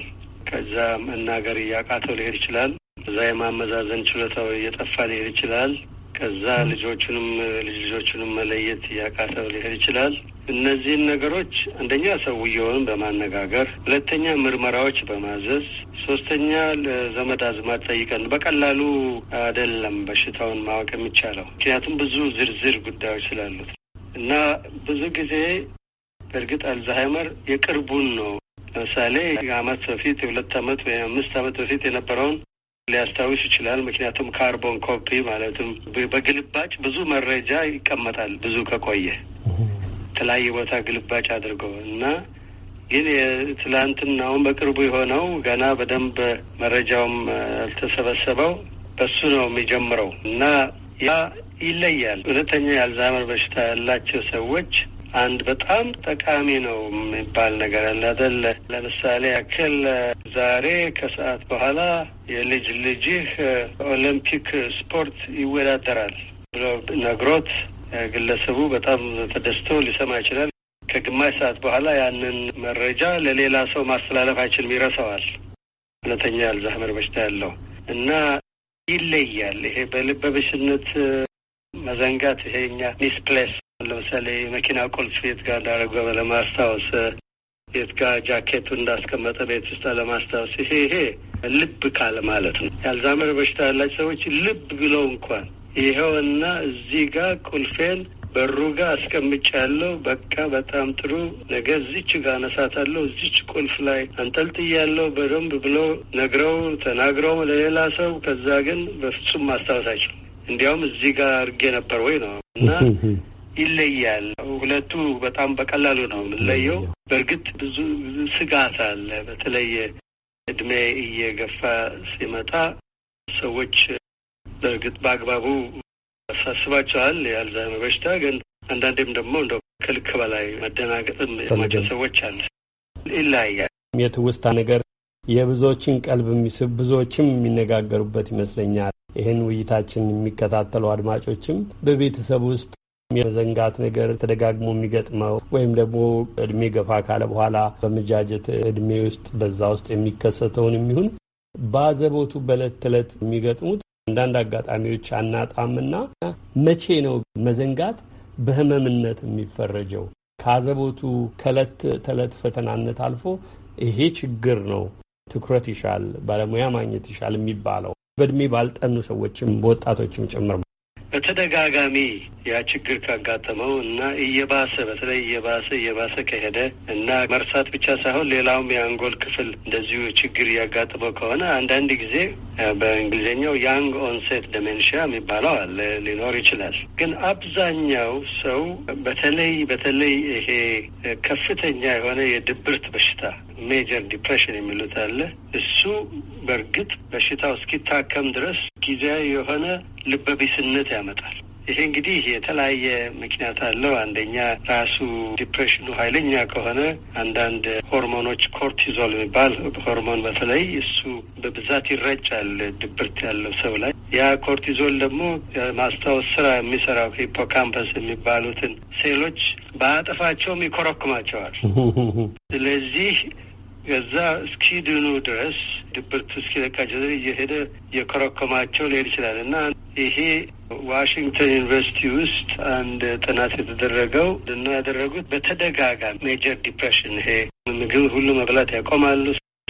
ከዛ መናገር እያቃተው ሊሄድ ይችላል። እዛ የማመዛዘን ችሎታው እየጠፋ ሊሄድ ይችላል። ከዛ ልጆቹንም ልጅ ልጆቹንም መለየት እያቃተው ሊሄድ ይችላል። እነዚህን ነገሮች አንደኛ ሰውየውን በማነጋገር፣ ሁለተኛ ምርመራዎች በማዘዝ፣ ሶስተኛ ለዘመድ አዝማድ ጠይቀን በቀላሉ አይደለም በሽታውን ማወቅ የሚቻለው ምክንያቱም ብዙ ዝርዝር ጉዳዮች ስላሉት እና ብዙ ጊዜ በእርግጥ አልዛሃይመር የቅርቡን ነው ለምሳሌ አመት በፊት ሁለት አመት ወይም አምስት አመት በፊት የነበረውን ሊያስታውስ ይችላል። ምክንያቱም ካርቦን ኮፒ ማለትም በግልባጭ ብዙ መረጃ ይቀመጣል። ብዙ ከቆየ የተለያየ ቦታ ግልባጭ አድርጎ እና ግን የትላንትናውን በቅርቡ የሆነው ገና በደንብ መረጃውም አልተሰበሰበው በሱ ነው የሚጀምረው እና ያ ይለያል። እውነተኛ የአልዛይመር በሽታ ያላቸው ሰዎች አንድ በጣም ጠቃሚ ነው የሚባል ነገር አለ አይደለ? ለምሳሌ ያክል ዛሬ ከሰዓት በኋላ የልጅ ልጅህ ኦሎምፒክ ስፖርት ይወዳደራል ብሎ ነግሮት ግለሰቡ በጣም ተደስቶ ሊሰማ ይችላል። ከግማሽ ሰዓት በኋላ ያንን መረጃ ለሌላ ሰው ማስተላለፍ አይችልም፣ ይረሰዋል። ሁለተኛ አልዛህመር በሽታ ያለው እና ይለያል። ይሄ በልበብሽነት መዘንጋት ይሄኛ ሚስፕሌስ ለምሳሌ መኪና ቁልፍ የት ጋር እንዳረገበ ለማስታወስ የት ጋር ጃኬቱ እንዳስቀመጠ ቤት ውስጥ ለማስታወስ ይሄ ይሄ ልብ ካለ ማለት ነው። የአልዛመር በሽታ ያላቸው ሰዎች ልብ ብለው እንኳን ይኸውና እዚህ ጋር ቁልፌን በሩ ጋር አስቀምጫ ያለው በቃ በጣም ጥሩ ነገ እዚች ጋር አነሳታለሁ እዚች ቁልፍ ላይ አንጠልጥያለሁ በደንብ ብለው ነግረው ተናግረው ለሌላ ሰው ከዛ ግን በፍጹም ማስታወሳቸው እንዲያውም እዚህ ጋር አድርጌ ነበር ወይ ነው እና ይለያል። ሁለቱ በጣም በቀላሉ ነው የምንለየው። በእርግጥ ብዙ ስጋት አለ። በተለየ እድሜ እየገፋ ሲመጣ ሰዎች በእርግጥ በአግባቡ ያሳስባቸዋል የአልዛይመር በሽታ። ግን አንዳንዴም ደግሞ እንደ ከልክ በላይ መደናገጥም ያማቸው ሰዎች አለ። ይለያያል። የትውስታ ነገር የብዙዎችን ቀልብ የሚስብ ብዙዎችም የሚነጋገሩበት ይመስለኛል። ይህን ውይይታችን የሚከታተሉ አድማጮችም በቤተሰብ ውስጥ የመዘንጋት ነገር ተደጋግሞ የሚገጥመው ወይም ደግሞ እድሜ ገፋ ካለ በኋላ በመጃጀት እድሜ ውስጥ በዛ ውስጥ የሚከሰተውን የሚሆን በአዘቦቱ በዕለት ተዕለት የሚገጥሙት አንዳንድ አጋጣሚዎች አናጣምና መቼ ነው መዘንጋት በህመምነት የሚፈረጀው? ከአዘቦቱ ከዕለት ተዕለት ፈተናነት አልፎ ይሄ ችግር ነው ትኩረት ይሻል፣ ባለሙያ ማግኘት ይሻል የሚባለው በእድሜ ባልጠኑ ሰዎችም በወጣቶችም ጭምር በተደጋጋሚ ያ ችግር ካጋጠመው እና እየባሰ በተለይ እየባሰ እየባሰ ከሄደ እና መርሳት ብቻ ሳይሆን ሌላውም የአንጎል ክፍል እንደዚሁ ችግር እያጋጠመው ከሆነ አንዳንድ ጊዜ በእንግሊዝኛው ያንግ ኦንሴት ደሜንሽያ የሚባለው አለ ሊኖር ይችላል። ግን አብዛኛው ሰው በተለይ በተለይ ይሄ ከፍተኛ የሆነ የድብርት በሽታ ሜጀር ዲፕሬሽን የሚሉት አለ። እሱ በእርግጥ በሽታው እስኪታከም ድረስ ጊዜያዊ የሆነ ልበቢስነት ያመጣል። ይሄ እንግዲህ የተለያየ ምክንያት አለው። አንደኛ ራሱ ዲፕሬሽኑ ኃይለኛ ከሆነ አንዳንድ ሆርሞኖች ኮርቲዞል የሚባል ሆርሞን በተለይ እሱ በብዛት ይረጫል ድብርት ያለው ሰው ላይ። ያ ኮርቲዞል ደግሞ ማስታወስ ስራ የሚሰራው ሂፖካምፐስ የሚባሉትን ሴሎች በአጥፋቸውም ይኮረኩማቸዋል። <laughs> ስለዚህ ከዛ እስኪድኑ ድረስ ድብርት እስኪለቃቸው ድረስ እየሄደ የከረከማቸው ሊሄድ ይችላል እና ይሄ ዋሽንግተን ዩኒቨርሲቲ ውስጥ አንድ ጥናት የተደረገው ድና ያደረጉት በተደጋጋሚ ሜጀር ዲፕሬሽን ይሄ ምግብ ሁሉ መብላት ያቆማሉ፣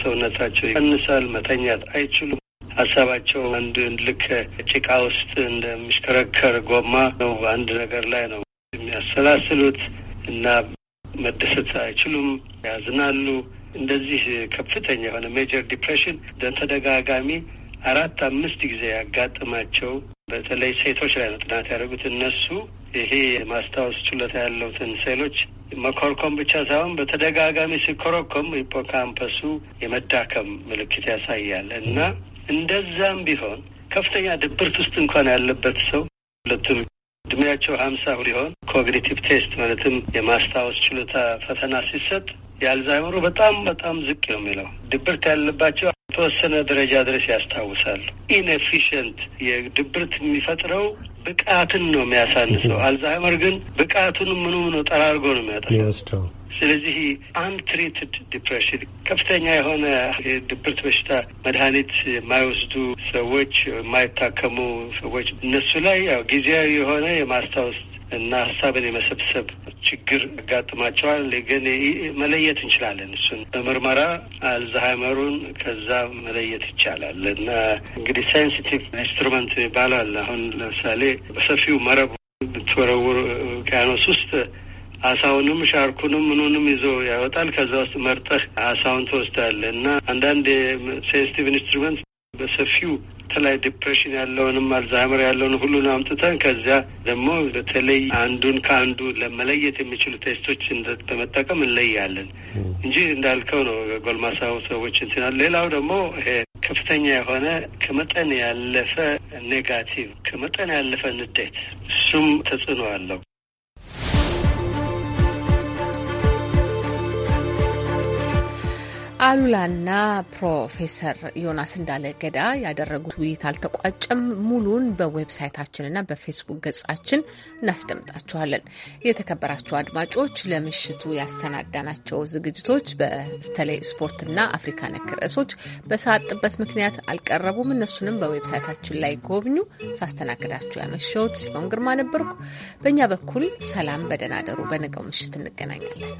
ሰውነታቸው ይቀንሳል፣ መተኛት አይችሉም። ሀሳባቸው አንድ ልክ ጭቃ ውስጥ እንደሚሽከረከር ጎማ ነው። አንድ ነገር ላይ ነው የሚያሰላስሉት እና መደሰት አይችሉም፣ ያዝናሉ እንደዚህ ከፍተኛ የሆነ ሜጀር ዲፕሬሽን በተደጋጋሚ አራት አምስት ጊዜ ያጋጥማቸው በተለይ ሴቶች ላይ ነው ጥናት ያደረጉት። እነሱ ይሄ የማስታወስ ችሎታ ያለውትን ሴሎች መኮርኮም ብቻ ሳይሆን በተደጋጋሚ ሲኮረኮም ሂፖካምፐሱ የመዳከም ምልክት ያሳያል እና እንደዛም ቢሆን ከፍተኛ ድብርት ውስጥ እንኳን ያለበት ሰው ሁለቱም እድሜያቸው ሀምሳ ሊሆን ኮግኒቲቭ ቴስት ማለትም የማስታወስ ችሎታ ፈተና ሲሰጥ የአልዛይመሩ በጣም በጣም ዝቅ ነው የሚለው። ድብርት ያለባቸው የተወሰነ ደረጃ ድረስ ያስታውሳል። ኢንኤፊሽንት የድብርት የሚፈጥረው ብቃትን ነው የሚያሳንሰው። <laughs> አልዛይመር ግን ብቃቱን ምኑ ምኑ ጠራርጎ ነው የሚያጠፋው። ስለዚህ አንትሪትድ ዲፕሬሽን ከፍተኛ የሆነ የድብርት በሽታ መድኃኒት የማይወስዱ ሰዎች፣ የማይታከሙ ሰዎች እነሱ ላይ ያው ጊዜያዊ የሆነ የማስታወስ እና ሀሳብን የመሰብሰብ ችግር ያጋጥማቸዋል። ግን መለየት እንችላለን። እሱን በምርመራ አልዛሃይመሩን ከዛ መለየት ይቻላል። እና እንግዲህ ሳይንሲቲቭ ኢንስትሩመንት ይባላል። አሁን ለምሳሌ በሰፊው መረብ ብትወረውር ውቅያኖስ ውስጥ አሳውንም ሻርኩንም ምኑንም ይዞ ያወጣል። ከዛ ውስጥ መርጠህ አሳውን ትወስዳለህ እና አንዳንድ ሴንስቲቭ ኢንስትሩመንት በሰፊው በተለይ ዲፕሬሽን ያለውንም አልዛይመር ያለውን ሁሉን አምጥተን ከዚያ ደግሞ በተለይ አንዱን ከአንዱ ለመለየት የሚችሉ ቴስቶች በመጠቀም እንለያለን እንጂ እንዳልከው ነው ጎልማሳው ሰዎች እንትናል። ሌላው ደግሞ ይሄ ከፍተኛ የሆነ ከመጠን ያለፈ ኔጋቲቭ፣ ከመጠን ያለፈ ንዴት እሱም ተጽዕኖ አለው። አሉላና ፕሮፌሰር ዮናስ እንዳለ ገዳ ያደረጉት ውይይት አልተቋጨም። ሙሉን በዌብሳይታችንና በፌስቡክ ገጻችን እናስደምጣችኋለን። የተከበራችሁ አድማጮች ለምሽቱ ያሰናዳናቸው ዝግጅቶች በተለይ ስፖርትና አፍሪካ ነክ ርዕሶች በሰዓጥበት ምክንያት አልቀረቡም። እነሱንም በዌብሳይታችን ላይ ጎብኙ። ሳስተናግዳችሁ ያመሸሁት ሲሆን ግርማ ነበርኩ። በእኛ በኩል ሰላም፣ በደህና ደሩ። በነገው ምሽት እንገናኛለን።